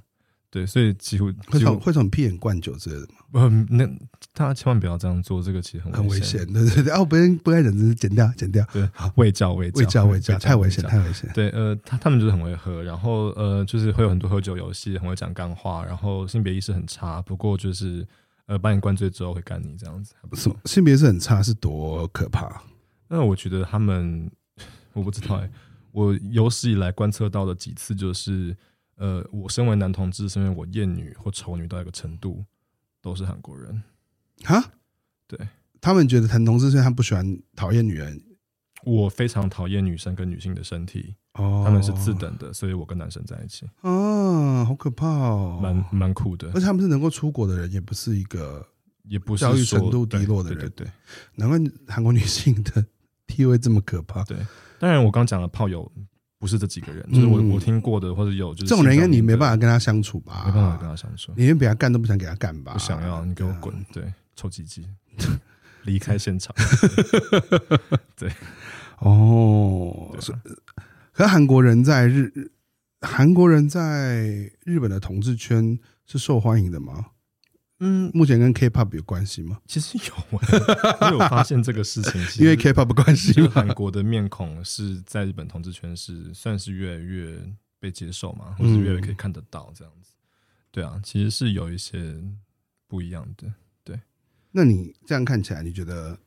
對，所以幾乎會從會從屁眼灌酒之類的嘛。嗯、呃，那大家千萬不要這樣做，這個其實很危險很危險。對對對，對啊，不不，該忍着剪掉，剪掉。對，餵教，餵教，餵教，餵教，太危險，太危險。對，呃，他他們就是很會喝，然後呃，就是會有很多喝酒遊戲，很會講髒話，然後性別意識很差。不過就是呃，把你灌醉之後會幹你這樣子。還不麼性別意識很差是多可怕、啊？那我覺得他們，我不知道、欸，哎，我有史以來觀測到的幾次就是。呃，我身為男同志，身為我厭女或仇女到一個程度，都是韓國人，哈？對，他們覺得男同志雖然不喜歡討厭女人，我非常討厭女生跟女性的身體哦，他們是自等的，所以我跟男生在一起啊、哦，好可怕、哦，蠻蠻酷的。而且他們是能夠出國的人，也不是一個也不是教育程度低落的人，對，對，對，對，難怪韓國女性的地位這麼可怕。對，當然我剛講了炮友。不是這幾個人，嗯、就是我我聽過的或者有就是這種人，應該你沒辦法跟他相處吧？沒辦法跟他相處，啊、你連給他幹都不想給他幹吧？不想要，你給我滾、啊！對，臭雞雞，離 [LAUGHS] 開現場 [LAUGHS] 對。對，哦，和韓國人在日韓國人在日本的同志圈是受歡迎的嗎？嗯，目前跟 K-pop 有關係嗎？其實有、欸，哈。你有發現這個事情， [LAUGHS] 因為 K-pop 關係，因為韓國的面孔是在日本同志圈是算是越來越被接受嘛，嗯、或是越來越可以看得到這樣子。對啊，其實是有一些不一樣的。對，那你這樣看起來，你覺得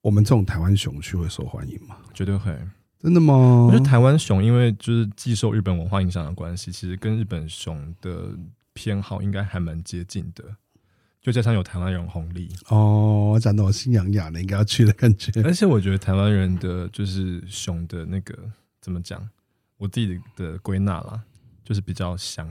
我們這種台灣熊去會受歡迎嗎？絕對會。真的嗎？我覺得台灣熊因為就是既受日本文化影響的關係，其實跟日本熊的偏好應該還蠻接近的。就加上有台灣人紅利哦。講得我心癢癢的，應該要去的感覺。但是我覺得台灣人的就是熊的那個怎麼講，我自己的歸納啦，就是比較香，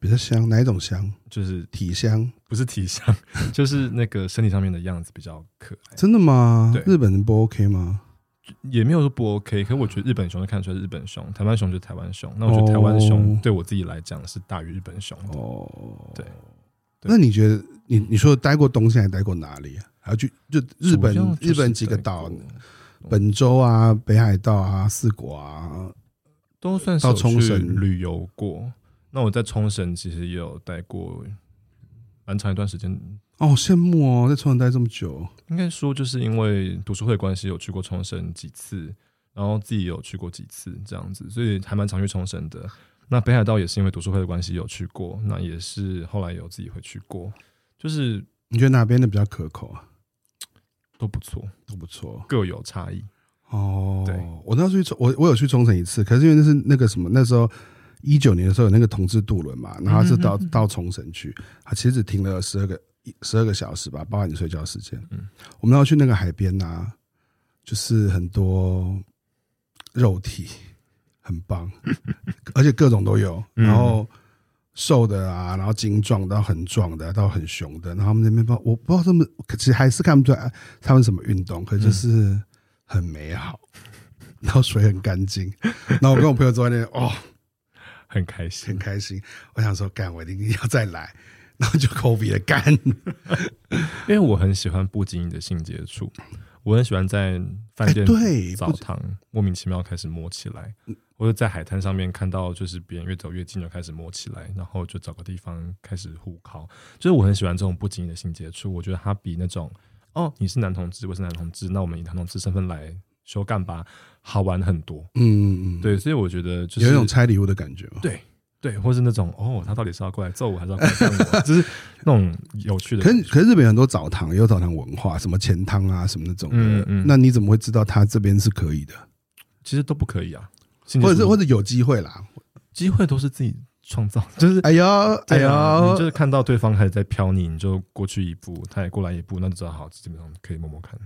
比較香。哪一種香？就是體香，不是體香，就是那個身體上面的樣子比較可愛。真的嗎？日本人不 OK 嗎？也沒有說不 OK，可是我覺得日本熊就看出來是日本熊，台灣熊就台灣熊。那我覺得台灣熊、oh. 對我自己來講是大於日本熊哦，oh. 對。那你覺得你你說待過東京，還待過哪裡啊？還要去就日本就日本幾個島，本州啊、北海道啊、四國啊，都算是到沖繩旅遊過。那我在沖繩其實也有待過蠻長一段時間。哦，羨慕哦，在沖繩待這麼久。應該說就是因為讀書會關係，有去過沖繩幾次，然後自己有去過幾次這樣子，所以還蠻常去沖繩的。那北海道也是因為讀書會的關係有去過，那也是後來有自己會去過。就是你覺得哪邊的比較可口啊？都不錯，都不錯，各有差異哦。對，我那時候去沖我我有去沖繩一次，可是因為那是那個什麼，那時候一九年的時候有那個同志渡輪嘛，然後是到嗯嗯到沖繩去，他其實只停了十二個十二個小時吧，包含你睡覺時間。嗯，我們要去那個海邊吶、啊，就是很多肉體。很棒，而且各種都有， [LAUGHS] 然後瘦的啊，然後精壯到很壯的，到很熊的，然後他們那邊包我不知道他們，其實還是看不出來他們什麼運動，可是就是很美好。然後水很乾淨，然後我跟我朋友坐在那邊，哦，很開心，很開心。我想說，幹我一定要再來，然後就口的幹， [LAUGHS] 因為我很喜歡不經意的性接觸，我很喜歡在飯店、欸、澡堂莫名其妙開始摸起來。或者在海灘上面看到，就是別人越走越近就開始摸起來，然後就找個地方開始互靠。就是我很喜歡這種不經意的性接觸，我覺得他比那種哦你是男同志，我是男同志，那我們以男同志身份來說幹吧，好玩很多。嗯，嗯嗯，對，所以我覺得就是有一種拆禮物的感覺吧。對對，或是那種哦，他到底是要過來揍我還是要幹我，就 [LAUGHS] 是那種有趣的。可是可是日本有很多澡堂，有澡堂文化，什麼錢湯啊什麼那種嗯嗯。那你怎麼會知道他這邊是可以的？其實都不可以啊。就是、或者是或者是有機會啦，機會都是自己創造的。就是哎呦哎呦，哎呦你就是看到對方還在飄你，你就過去一步，他也過來一步，那就好，基本上可以摸摸看。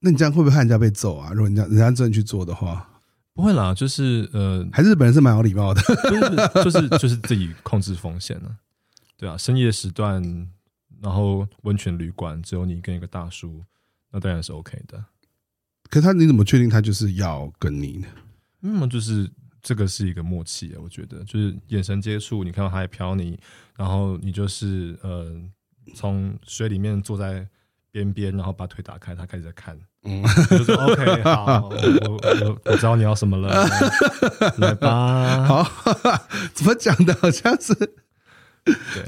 那你這樣會不會害人家被揍啊？如果人家人家真的去做的話，不會啦。就是呃，還是日本人是蠻有禮貌的，就是就是就是自己控制風險的、啊。對啊，深夜時段，然後溫泉旅館只有你跟一個大叔，那當然是 OK 的。可是他你怎麼確定他就是要跟你呢？嗯、那麼就是這個是一個默契啊，我覺得就是眼神接觸，你看到他也瞟你，然後你就是呃，從水裡面坐在邊邊，然後把腿打開，他開始在看，嗯，就說 [LAUGHS] OK，好，我我我知道你要什麼了， [LAUGHS] 來吧，好， [LAUGHS] 怎麼講的好像是，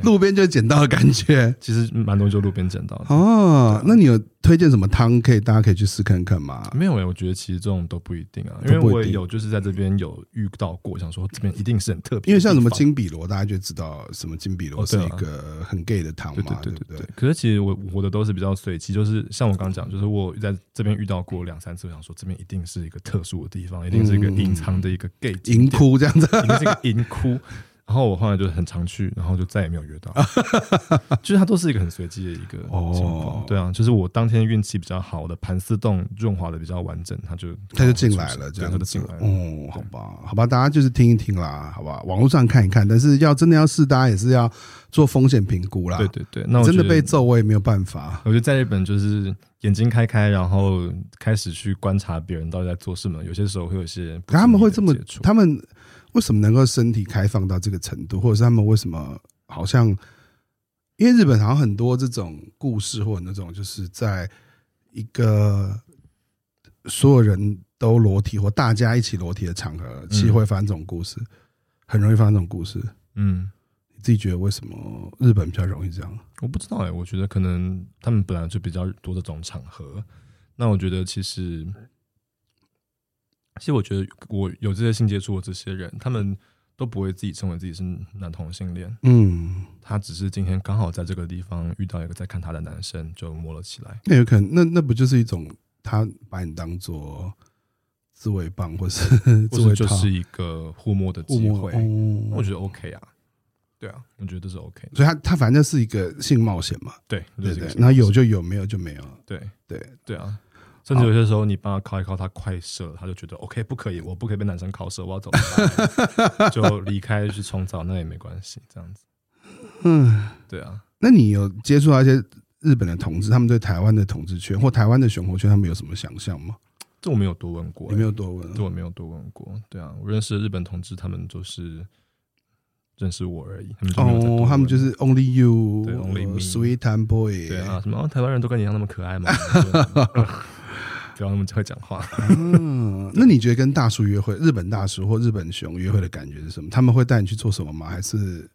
路邊就撿到的感覺，其實蠻多就路邊撿到的哦。那你有推薦什麼湯可以大家可以去試看看嗎？沒有哎、欸，我覺得其實這種都不一定啊，定因為我也有就是在這邊有遇到過，嗯、想說這邊一定是很特別。因為像什麼金比羅，大家就知道什麼金比羅是一個、哦啊、很 gay 的湯嘛，對對對對對，對不對？可是其實我我的都是比較隨機，就是像我剛講，就是我在這邊遇到過兩三次，我想說這邊一定是一個特殊的地方，一定是一個隱藏的一個 gay 銀、嗯、窟這樣子，一定是銀窟。然後我後來就很常去，然後就再也沒有約到。 [LAUGHS] 就是它都是一個很隨機的一個情況，哦，對啊，就是我當天運氣比較好的，盤絲洞潤滑的比較完整，他就他就進來了，就是，這樣它就進來了就就哦，好吧，好吧，大家就是聽一聽啦，好吧，網絡上看一看，但是要真的要試，大家也是要做風險評估啦，嗯。對對對，那我真的被揍我也沒有辦法。我就在日本就是眼睛開開，然後開始去觀察別人到底在做什麼。有些時候會有些人，他們會這麼他們。為什麼能夠身體開放到這個程度，或者是他們為什麼好像，因為日本好像很多這種故事，或者那種就是在一個所有人都裸體或大家一起裸體的場合，其實會發生這種故事，嗯、很容易發生這種故事。嗯，你自己覺得為什麼日本比較容易這樣？嗯、我不知道哎、欸，我覺得可能他們本來就比較多的這種場合，那我覺得其實。其實我覺得，我有這些性接觸的這些人，他們都不會自己稱為自己是男同性戀。嗯，他只是今天剛好在這個地方遇到一個在看他的男生，就摸了起來。那、欸、有可能，那那不就是一種他把你當做自慰棒，或者自慰就是一個互摸的機會、哦哦？我覺得 OK 啊，對啊，我覺得都是 OK。所以他他反正是一個性冒險嘛對冒，對對對。那有就有，沒有就沒有。對對對，對啊。甚至有些時候，你幫他靠一靠，他快射，他就覺得 OK，不可以，我不可以被男生靠射，我要走， [LAUGHS] 就離開去沖澡，那也沒關係，這樣子。嗯，對啊。那你有接觸到一些日本的同志，他們對台灣的同志圈或台灣的熊猴圈，他們有什麼想象嗎、嗯？這我沒有多問過、欸，你沒有多問，這我沒有多問過。對啊，我認識的日本同志，他們就是認識我而已。哦，他們就是 Only You，Sweet、uh, and Boy，對啊，什麼、哦、台灣人都跟你一樣那麼可愛嗎？ [LAUGHS] [LAUGHS] 不要那麼會講話。嗯，那你覺得跟大叔約會，日本大叔或日本熊約會的感覺是什麼？他們會帶你去做什麼嗎？還是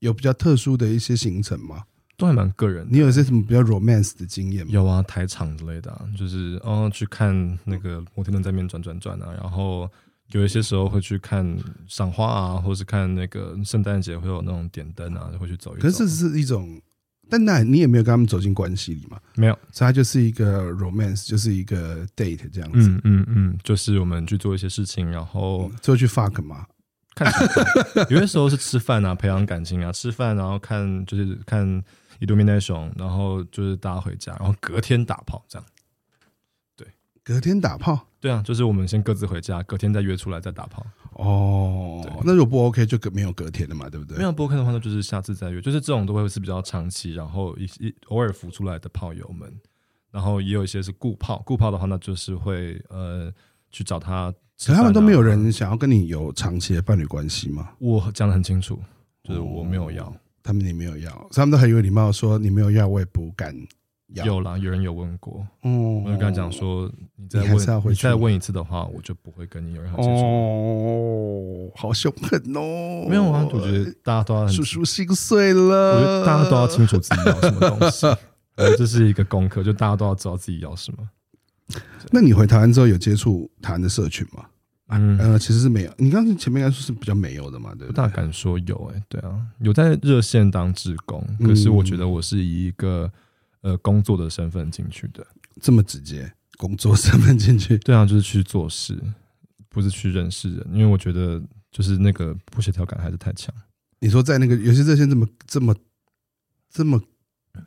有比較特殊的一些行程嗎？都還蠻個人、欸。你有一些什麼比較 romance 的經驗嗎？有啊，台場之類的、啊，就是哦，去看那個摩天輪在面轉轉轉啊。然後有一些時候會去看賞花啊，或是看那個聖誕節會有那種點燈啊，就會去走一走。可是這是一種。但那你也沒有跟他們走進關係裡嘛？沒有，所以他就是一個 romance，就是一個 date 這樣子。嗯嗯嗯，就是我們去做一些事情，然後就去、嗯、fuck 嘛。看， [LAUGHS] 有些時候是吃飯啊，培養感情啊，吃飯，然後看就是看 Illumination，然後就是大家回家，然後隔天打炮這樣。隔天打炮，對啊，就是我們先各自回家，隔天再約出來再打炮。哦，那如果不 OK 就沒有隔天的嘛，對不對？沒有不、啊、OK 的話，那就是下次再約。就是這種都會是比較長期，然後一一、偶爾浮出來的炮友們，然後也有一些是固炮。固炮的話，那就是會呃去找他。可他們都沒有人想要跟你有長期的伴侶關係嗎？我講得很清楚，就是我沒有要、哦，他們也沒有要，所以他們都很有禮貌說，說你沒有要，我也不敢。有啦，有人有問過，嗯、我就跟他講說，你再問你，你再問一次的話，我就不會跟你有任何接觸。哦，好凶狠哦！沒有啊，我覺得大家都要，叔叔心碎了。我覺得大家都要清楚自己要什麼東西， [LAUGHS] 這是一個功課，就大家都要知道自己要什麼。那你回台灣之後有接觸台灣的社群嗎、嗯？呃，其實是沒有。你剛才前面應該說是比較沒有的嘛，對不對？不大敢說有、欸，哎，對啊，有在熱線當志工，可是我覺得我是一個。呃，工作的身份進去的，這麼直接，工作身份進去，對啊，就是去做事，不是去認識人，因為我覺得就是那個不協調感還是太強。你說在那個，尤其這些這麼這麼這麼的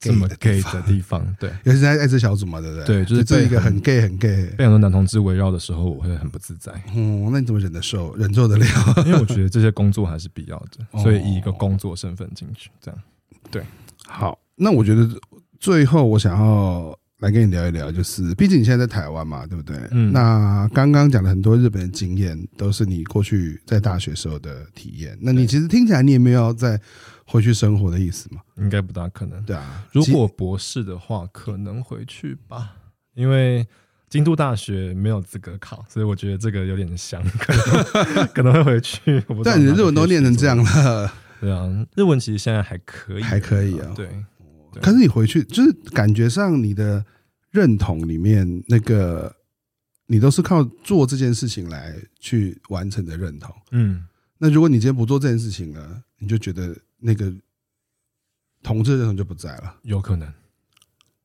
這麼 gay 的地方，對，尤其在艾滋小組嘛，對不對？對，就是在一,一個很 gay 很 gay，被很多男同志圍繞的時候，我會很不自在。嗯，那你怎麼忍得受，忍受得了？ [LAUGHS] 因為我覺得這些工作還是必要的，哦、所以以一個工作身份進去，這樣，對，好。那我覺得最後我想要來跟你聊一聊，就是畢竟你現在在台灣嘛，對不對？嗯。那剛剛講了很多日本的經驗，都是你過去在大學時候的體驗。那你其實聽起來你也沒有要再回去生活的意思嘛？應該不大可能，對啊。如果博士的話，可能回去吧，因為京都大學沒有資格考，所以我覺得這個有點像，可能 [LAUGHS] 可能會回去。 [LAUGHS] 我不知道 [LAUGHS] 但日文都練成這樣了，對啊，日文其實現在還可以，還可以啊、喔，對。可是你回去就是感覺上你的認同裡面那個，你都是靠做這件事情來去完成的認同。嗯，那如果你今天不做這件事情了，你就覺得那個同志認同就不在了。有可能。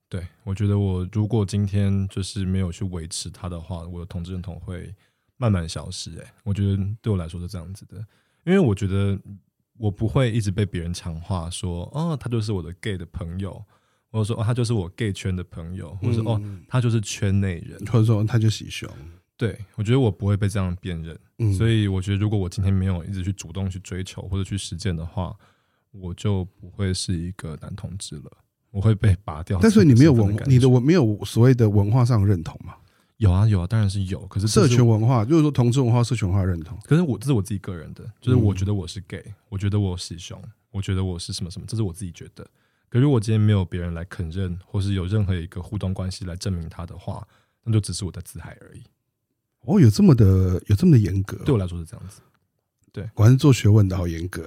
對，我覺得我如果今天就是沒有去維持它的話，我的同志認同會慢慢消失，欸。我覺得對我來說是這樣子的，因為我覺得。我不會一直被別人強化說，哦，他就是我的 gay 的朋友，或者說，哦，他就是我 gay 圈的朋友，或者說，哦，他就是圈內人，嗯、或者說，他就喜秀。對，我覺得我不會被這樣辨認，嗯，所以我覺得如果我今天沒有一直去主動去追求或者去實踐的話，我就不會是一個男同志了，我會被拔掉。但是你沒有文，的感你的文，沒有所謂的文化上認同嗎？有啊有啊，當然是有。可是，是社群文化，就是說同志文化、社群文化認同，可是我這是我自己個人的，就是我覺得我是 gay，我覺得我是熊，我覺得我是什麼什麼，這是我自己覺得。可是如果今天沒有別人來肯認，或是有任何一個互動關係來證明他的話，那就只是我的自嗨而已。哦，有這麼的，有這麼的嚴格，對我來說是這樣子。對，果然做學問的好嚴格，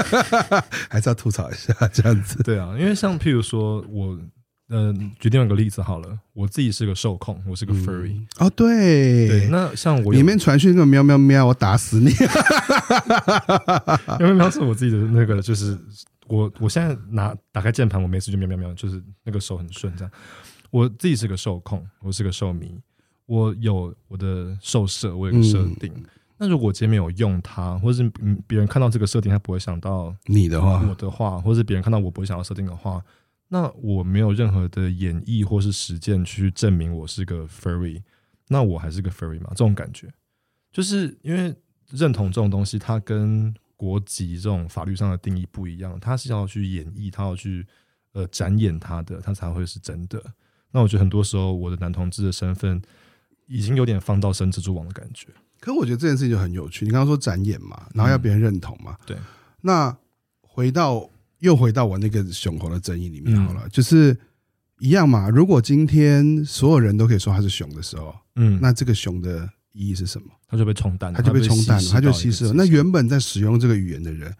[LAUGHS] 還是要吐槽一下這樣子。對啊，因為像譬如說我。嗯、呃，決定用個例子好了。我自己是個獸控，我是個 furry、嗯。哦對，對，那像我裡面傳訊那個喵喵喵，我打死你！喵喵喵是我自己的那個，就是我我現在拿打開鍵盤，我每次就喵喵喵，就是那個手很順。這樣，我自己是個獸控，我是個獸迷，我有我的獸設，我有個設定。那、嗯、如果我今天沒有用它，或者是別人看到這個設定，他不會想到你的話，我的話，或者是別人看到我不會想要設定的話。那我沒有任何的演繹或是實踐去證明我是個 furry，那我還是個 furry 嗎？這種感覺，就是因為認同這種東西，它跟國籍這種法律上的定義不一樣，它是要去演繹，它要去呃展演它的，它才會是真的。那我覺得很多時候，我的男同志的身份已經有點放到生蜘蛛網的感覺。可是我覺得這件事情就很有趣，你剛剛說展演嘛，然後要別人認同嘛、嗯，對。那回到。又回到我那個“熊”猴的爭議裡面好了、嗯，就是一樣嘛。如果今天所有人都可以說他是“熊”的時候，嗯，那這個“熊”的意義是什麼？他就被沖淡了，他就被沖淡了，他就稀釋了。那原本在使用這個語言的人，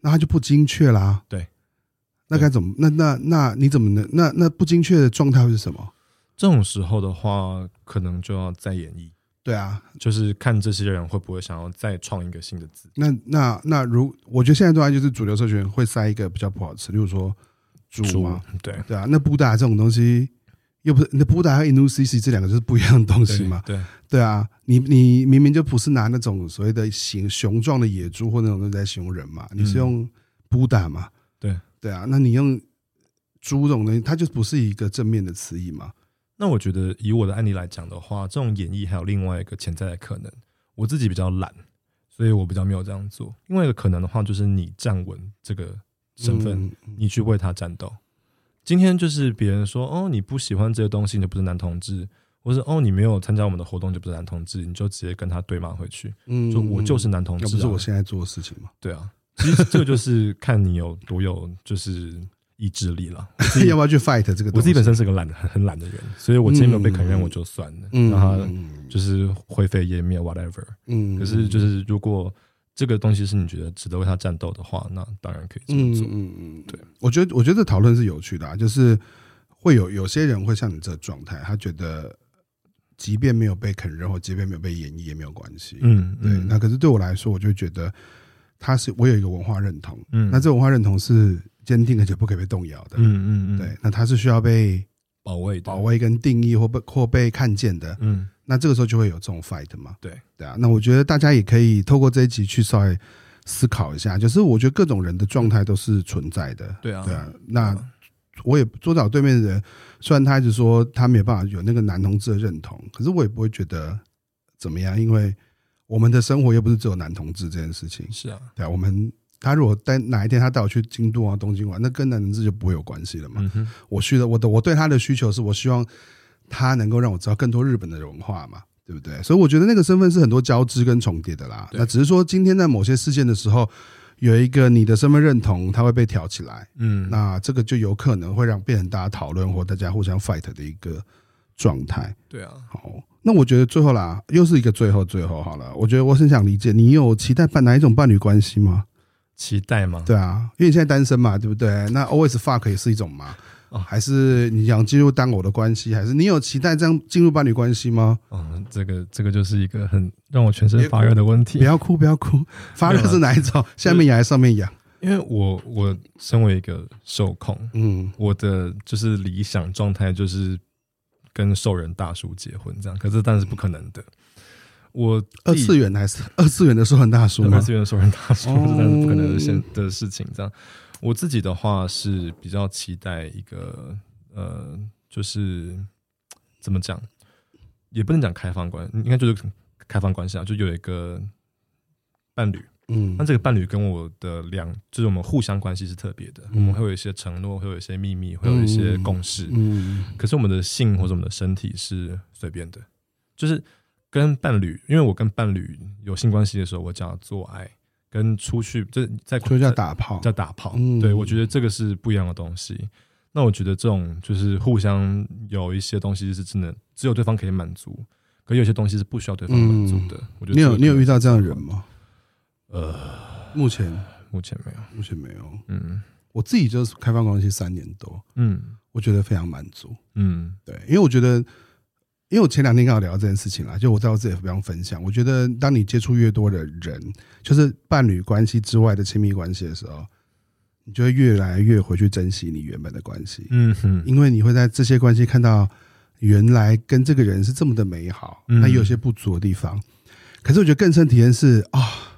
那他就不精確啦。對，那該怎麼？那那那，那你怎麼能？那那不精確的狀態會是什麼？這種時候的話，可能就要再演繹。對啊，就是看這些人會不會想要再創一個新的字。那那那，那如我覺得現在的話，就是主流社群會塞一個比較不好吃，例如說豬嘛，對對啊。那布達這種東西，又不是那布達和 i n no cc 這兩個就是不一樣的東西嘛，對對，對啊。你你明明就不是拿那種所謂的形，雄壯的野豬或那種東西來形容人嘛，你是用布達嘛，對、嗯、對啊。那你用豬這種東西，它就不是一個正面的詞義嘛。那我覺得，以我的案例來講的話，這種演繹還有另外一個潛在的可能。我自己比較懶，所以我比較沒有這樣做。另外一個可能的話，就是你站穩這個身份、嗯，你去為他戰鬥。今天就是別人說哦，你不喜歡這些東西，你不是男同志，或是哦，你沒有參加我們的活動，就不是男同志，你就直接跟他對罵回去。嗯，就我就是男同志、啊，要不是我現在做的事情嗎？對啊，其實這個就是看你有多有，就是。意志力了， [LAUGHS] 要不要去 fight 這個東西？我自己本身是個懶的，很懶的人，所以我既然沒有被肯認，我就算了，嗯、然後就是灰飛煙滅 whatever、嗯。可是就是如果這個東西是你覺得值得為他戰鬥的話，那當然可以這麼做。嗯嗯對，我覺得我覺得這討論是有趣的啊，就是會有有些人會像你這個狀態，他覺得即便沒有被肯認，或即便沒有被演繹也沒有關係嗯。嗯，對。那可是對我來說，我就覺得他是我有一個文化認同，嗯，那這文化認同是。堅定而且不可以被動搖的，嗯嗯嗯，對，那他是需要被保衛、保衛跟定義或被或被看見的，的嗯，那這個時候就會有這種 fight 嘛，對對啊，那我覺得大家也可以透過這一集去稍微思考一下，就是我覺得各種人的狀態都是存在的，對啊，對啊，那我也做到對面的人，雖然他一直說他沒有辦法有那個男同志的認同，可是我也不會覺得怎麼樣，因為我們的生活又不是只有男同志這件事情，是啊，對啊，我們。他如果待哪一天他帶我去京都啊東京玩，啊，那跟男同志就不會有關係了嘛。嗯、我需的，我的我對他的需求是我希望他能夠讓我知道更多日本的文化嘛，對不對？所以我覺得那個身份是很多交織跟重疊的啦。那只是說今天在某些事件的時候，有一個你的身份認同，他會被挑起來。嗯，那這個就有可能會讓變成大家討論或大家互相 fight 的一個狀態。對啊。好，那我覺得最後啦，又是一個最後最後好了。我覺得我很想理解，你有期待伴哪一種伴侶關係嗎？期待嗎？對啊，因為你現在單身嘛，對不對？那 always fuck 也是一種嘛？哦，還是你想進入單偶的關係？還是你有期待這樣進入伴侶關係嗎、嗯？這個這個就是一個很讓我全身發熱的問題、欸。不要哭，不要哭，發熱是哪一種？下面癢還是上面癢？就是、因為我我身為一個獸控，嗯，我的就是理想狀態就是跟獸人大叔結婚這樣，可是但是不可能的。我二次元還是二次元的候很大叔，二次元熟很大叔但、哦、是不可能的現的事情。這樣，我自己的話是比較期待一個呃，就是怎麼講，也不能講開放關，應該就是開放關係啊，就有一個伴侶。嗯，那這個伴侶跟我的兩就是我們互相關係是特別的，嗯、我們會有一些承諾，會有一些秘密，會有一些共識。嗯。可是我們的性或者我們的身體是隨便的，就是。跟伴侶，因為我跟伴侶有性關係的時候，我講做愛跟出去，這在叫打炮，叫打炮。對，我覺得這個是不一樣的東西。嗯。那我覺得這種就是互相有一些東西是真的，只有對方可以滿足，可有些東西是不需要對方滿足的。嗯。我覺得你有你有遇到這樣的人嗎？呃，目前目前沒有，目前沒有。嗯，我自己就是開放關係三年多，嗯，我覺得非常滿足。嗯，對，因為我覺得。因為我前兩天剛好聊這件事情啊，就我在我自己分享，我覺得當你接觸越多的人，就是伴侶關係之外的親密關係的時候，你就會越來越回去珍惜你原本的關係。嗯哼，因為你會在這些關係看到原來跟這個人是這麼的美好，那有些不足的地方，可是我覺得更深的體驗是啊。哦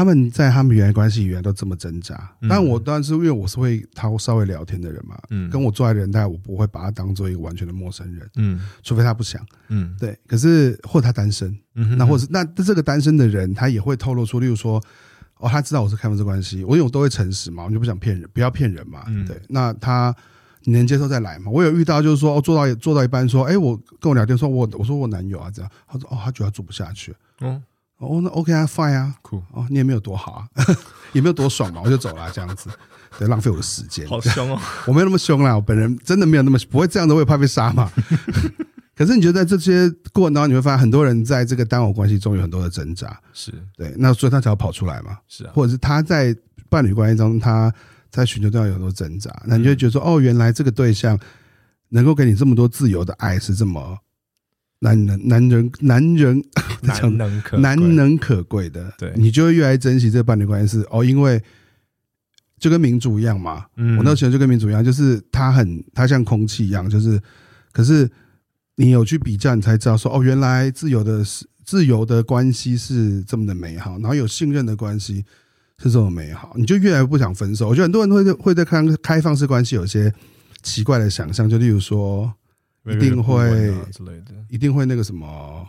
他們在他們原來關係原來都這麼掙扎，但我當然是因為我是會他稍微聊天的人嘛，嗯，跟我做愛的人，但我不會把他當做一個完全的陌生人，嗯，除非他不想，嗯，對。可是或者他單身，嗯，那或者是那這個單身的人，他也會透露出，例如說，哦，他知道我是開放式關係，我因為我都會誠實嘛，我就不想騙人，不要騙人嘛，對。那他你能接受再來嘛？我有遇到就是說，哦，做到做到一半，說，哎，我跟我聊天，說我我說我男友啊，這樣，他說，哦，他覺得他做不下去，嗯。哦，那 OK 啊，Fine 啊，cool 哦，你也沒有多好啊，oh, [LAUGHS] [LAUGHS] 也沒有多爽嘛，我就走了，啊，這樣子，對， [LAUGHS] 浪費我的時間。好凶哦，我沒有那麼凶啦，我本人真的沒有那麼凶，不會這樣的，我也怕被殺嘛。 [LAUGHS] [LAUGHS] 可是你覺得在這些過程，當中，你會發現很多人在這個單偶關係中有很多的掙扎，是對，那所以他才要跑出來嘛，是啊，或者是他在伴侶關係中，他在尋求對象有很多掙扎，啊，那你就會覺得說，哦，原來這個對象能夠給你這麼多自由的愛是這麼。男人男人，男人難能可貴的，對，你就會越來越珍惜這伴侶關係。是哦，因為就跟民主一樣嘛，嗯，我那時候就跟民主一樣，就是他很，他像空氣一樣，就是，可是你有去比較，你才知道說，哦，原來自由的，是自由的關係是這麼的美好，然後有信任的關係是這麼的美好，你就越來越不想分手。我覺得很多人會會對開開放式關係有一些奇怪的想象，就例如說。一定會之類的，一定會那個什麼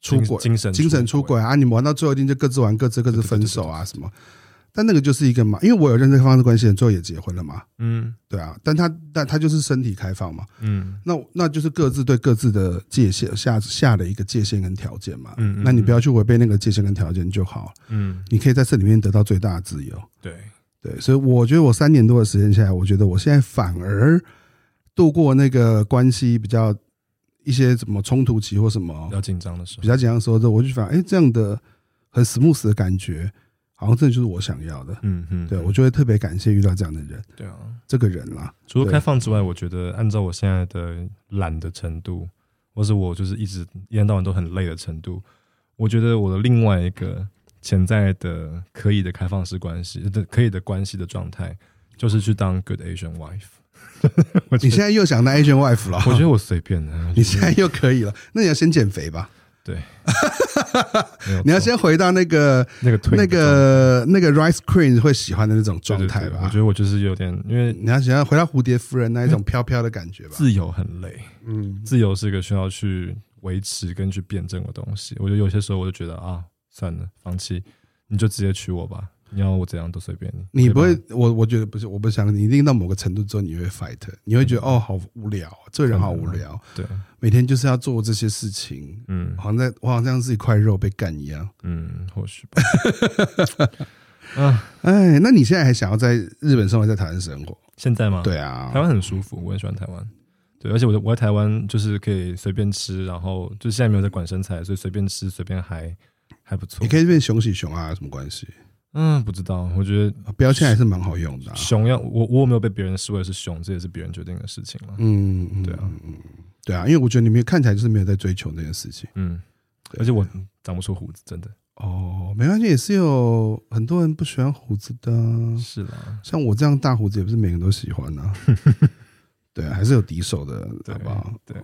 出軌，精神出軌啊！你們玩到最後一定就各自玩各自，各自分手啊什麼？但那個就是一個嘛，因為我有認識開放式關係的，最後也結婚了嘛。嗯，對啊，但他但他，他就是身體開放嘛。嗯，那那就是各自對各自的界限下下的一個界限跟條件嘛。嗯，那你不要去違背那個界限跟條件就好，嗯，你可以在這裡面得到最大的自由。對對，所以我覺得我三年多的時間下來，我覺得我現在反而。度過那個關係比較一些什麼衝突期或什麼比較緊張的時候，比較緊張的時候我就想哎、欸、這樣的很 smooth 的感覺，好像這就是我想要的，嗯嗯，對，我就會特別感謝遇到這樣的人，對啊，這個人啦，除了開放之外，我覺得按照我現在的懶的程度，或是我就是一直一天到晚都很累的程度，我覺得我的另外一個潛在的可以的開放式關係的可以的關係的狀態，就是去當 good Asian wife。 [LAUGHS] 你現在又想當 Asian wife 了？哦？我覺得我隨便的。你現在又可以了，那你要先減肥吧？對。 [LAUGHS] 你要先回到那個那個、Twin、那個那個 Rice Queen 會喜歡的那種狀態吧？對對對。我覺得我就是有點，因為你要想要回到蝴蝶夫人那一種飄飄的感覺吧？自由很累，嗯，自由是一個需要去維持跟去辯證的東西。我覺得有些時候我就覺得啊，算了，放棄，你就直接娶我吧。你要我怎樣都隨便。你你不會，我我覺得不是，我不想你。一定到某個程度之後，你會 fight，你會覺得、嗯、哦，好無聊，這人好無聊、嗯。對，每天就是要做這些事情，嗯，好像在，我好像是一塊肉被幹一樣，嗯，或許吧。 [LAUGHS] [LAUGHS] 啊，哎，那你現在還想要在日本生活，在台灣生活？現在嗎？對啊，台灣很舒服，我很喜歡台灣。對，而且我我在台灣就是可以隨便吃，然後就現在沒有在管身材，所以隨便吃，隨便嗨，還不錯。你可以變熊喜熊啊，有什麼關係？嗯，不知道，我覺得標籤還是蠻好用的、啊。熊要我，我沒有被別人視為是熊，這也是別人決定的事情了。嗯，對啊、嗯，對啊，因為我覺得你們看起來就是沒有在追求這件事情。嗯，而且我長不出鬍子，真的。哦，沒關係，也是有很多人不喜歡鬍子的、啊。是啦，像我這樣大鬍子也不是每個人都喜歡啊。 [LAUGHS] 對啊，還是有敵手的，對吧？對，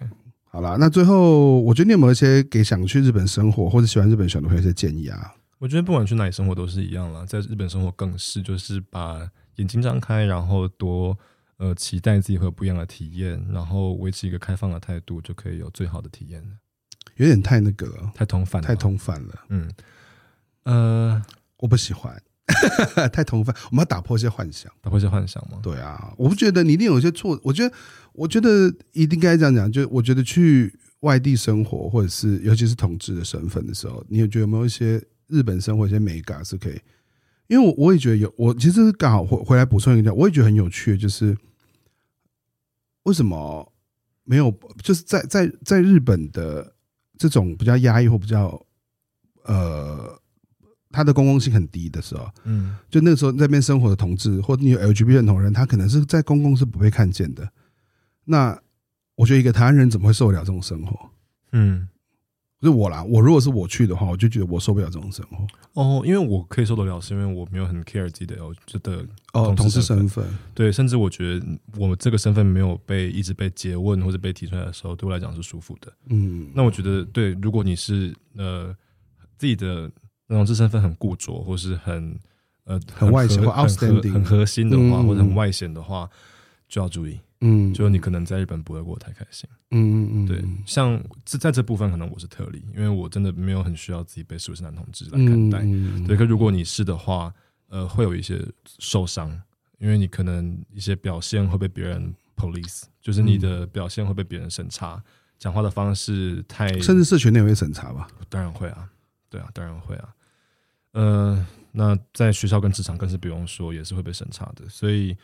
好了，那最後，我覺得你有沒有一些給想去日本生活或者喜歡日本選的朋友的一些建議啊？我覺得不管去哪裡生活都是一樣了，在日本生活更是，就是把眼睛張開，然後多呃期待自己會有不一樣的體驗，然後維持一個開放的態度，就可以有最好的體驗了。有點太那個了，太同反，太同反了。嗯，呃，我不喜歡 [LAUGHS] 太同反，我們要打破一些幻想，打破一些幻想嘛？對啊，我不覺得你一定有一些錯。我覺得，我覺得一定該這樣講。就我覺得去外地生活，或者是尤其是同志的身份的時候，你有覺得有沒有一些？日本生活，一些美感是可以，因為我我也覺得有，我其實剛好回回來補充一個，我也覺得很有趣，就是為什麼沒有就是在在在日本的這種比較壓抑或比較呃他的公共性很低的時候，嗯，就那個時候在那邊生活的同志或者你 LGBT 認同的人，他可能是在公共是不被看見的。那我覺得一個台灣人怎麼會受得了這種生活？嗯。是我啦，我如果是我去的話，我就覺得我受不了這種生活哦。因為我可以受得了，是因為我沒有很 care 自己的，我覺得哦，同事身份對，甚至我覺得我這個身份沒有被一直被詰問或者被提出來的時候，對我來講是舒服的。嗯，那我覺得對，如果你是呃自己的那種自身份很固着，或是很呃很外顯或 outstanding 很核心的話，嗯、或者很外顯的話，就要注意。嗯，就是你可能在日本不會過得太開心。嗯嗯嗯，對，像這在這部分可能我是特例，因為我真的沒有很需要自己被視為是男同志來看待、嗯嗯。對，可如果你是的話，呃，會有一些受傷，因為你可能一些表現會被別人 police，就是你的表現會被別人審查，講、嗯、話的方式太……甚至是群內會審查吧？當然會啊，對啊，當然會啊。呃，那在學校跟職場更是不用說，也是會被審查的，所以。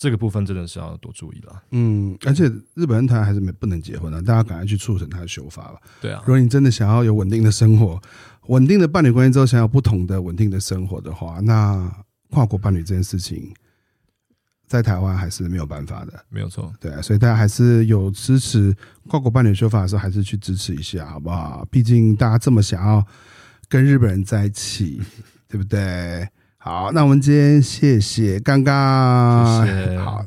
這個部分真的是要多注意了。嗯，而且日本人他還是沒不能結婚了，大家趕快去促成他的修法吧。對啊，如果你真的想要有穩定的生活、穩定的伴侶關係之後，想要不同的穩定的生活的話，那跨國伴侶這件事情在台灣還是沒有辦法的。沒有錯，對啊，所以大家還是有支持跨國伴侶修法的時候，還是去支持一下好不好？畢竟大家這麼想要跟日本人在一起， [LAUGHS] 對不對？好，那我們今天謝謝，剛剛謝謝好。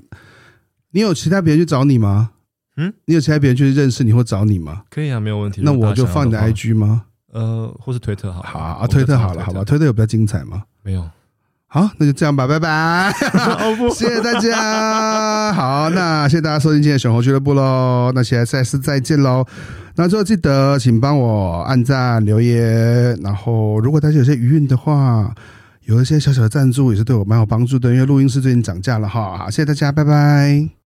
你有其他別人去找你嗎？嗯，你有其他別人去認識你或找你嗎？可以啊，沒有問題。那我就放你的 IG 嗎？呃，或是推特好了？好，好啊，推特好了，好吧？推特有比較精彩嗎？沒有。好，那就這樣吧，拜拜。 [LAUGHS] 謝謝大家。 [LAUGHS] 好，那謝謝大家收聽今天的熊猴俱樂部嘍。那下次下次再見嘍。那最後記得請幫我按讚、留言，然後如果大家有些餘韻的話。有一些小小的贊助也是對我蠻有幫助的，因為錄音室最近漲價了哈，好，謝謝大家，拜拜。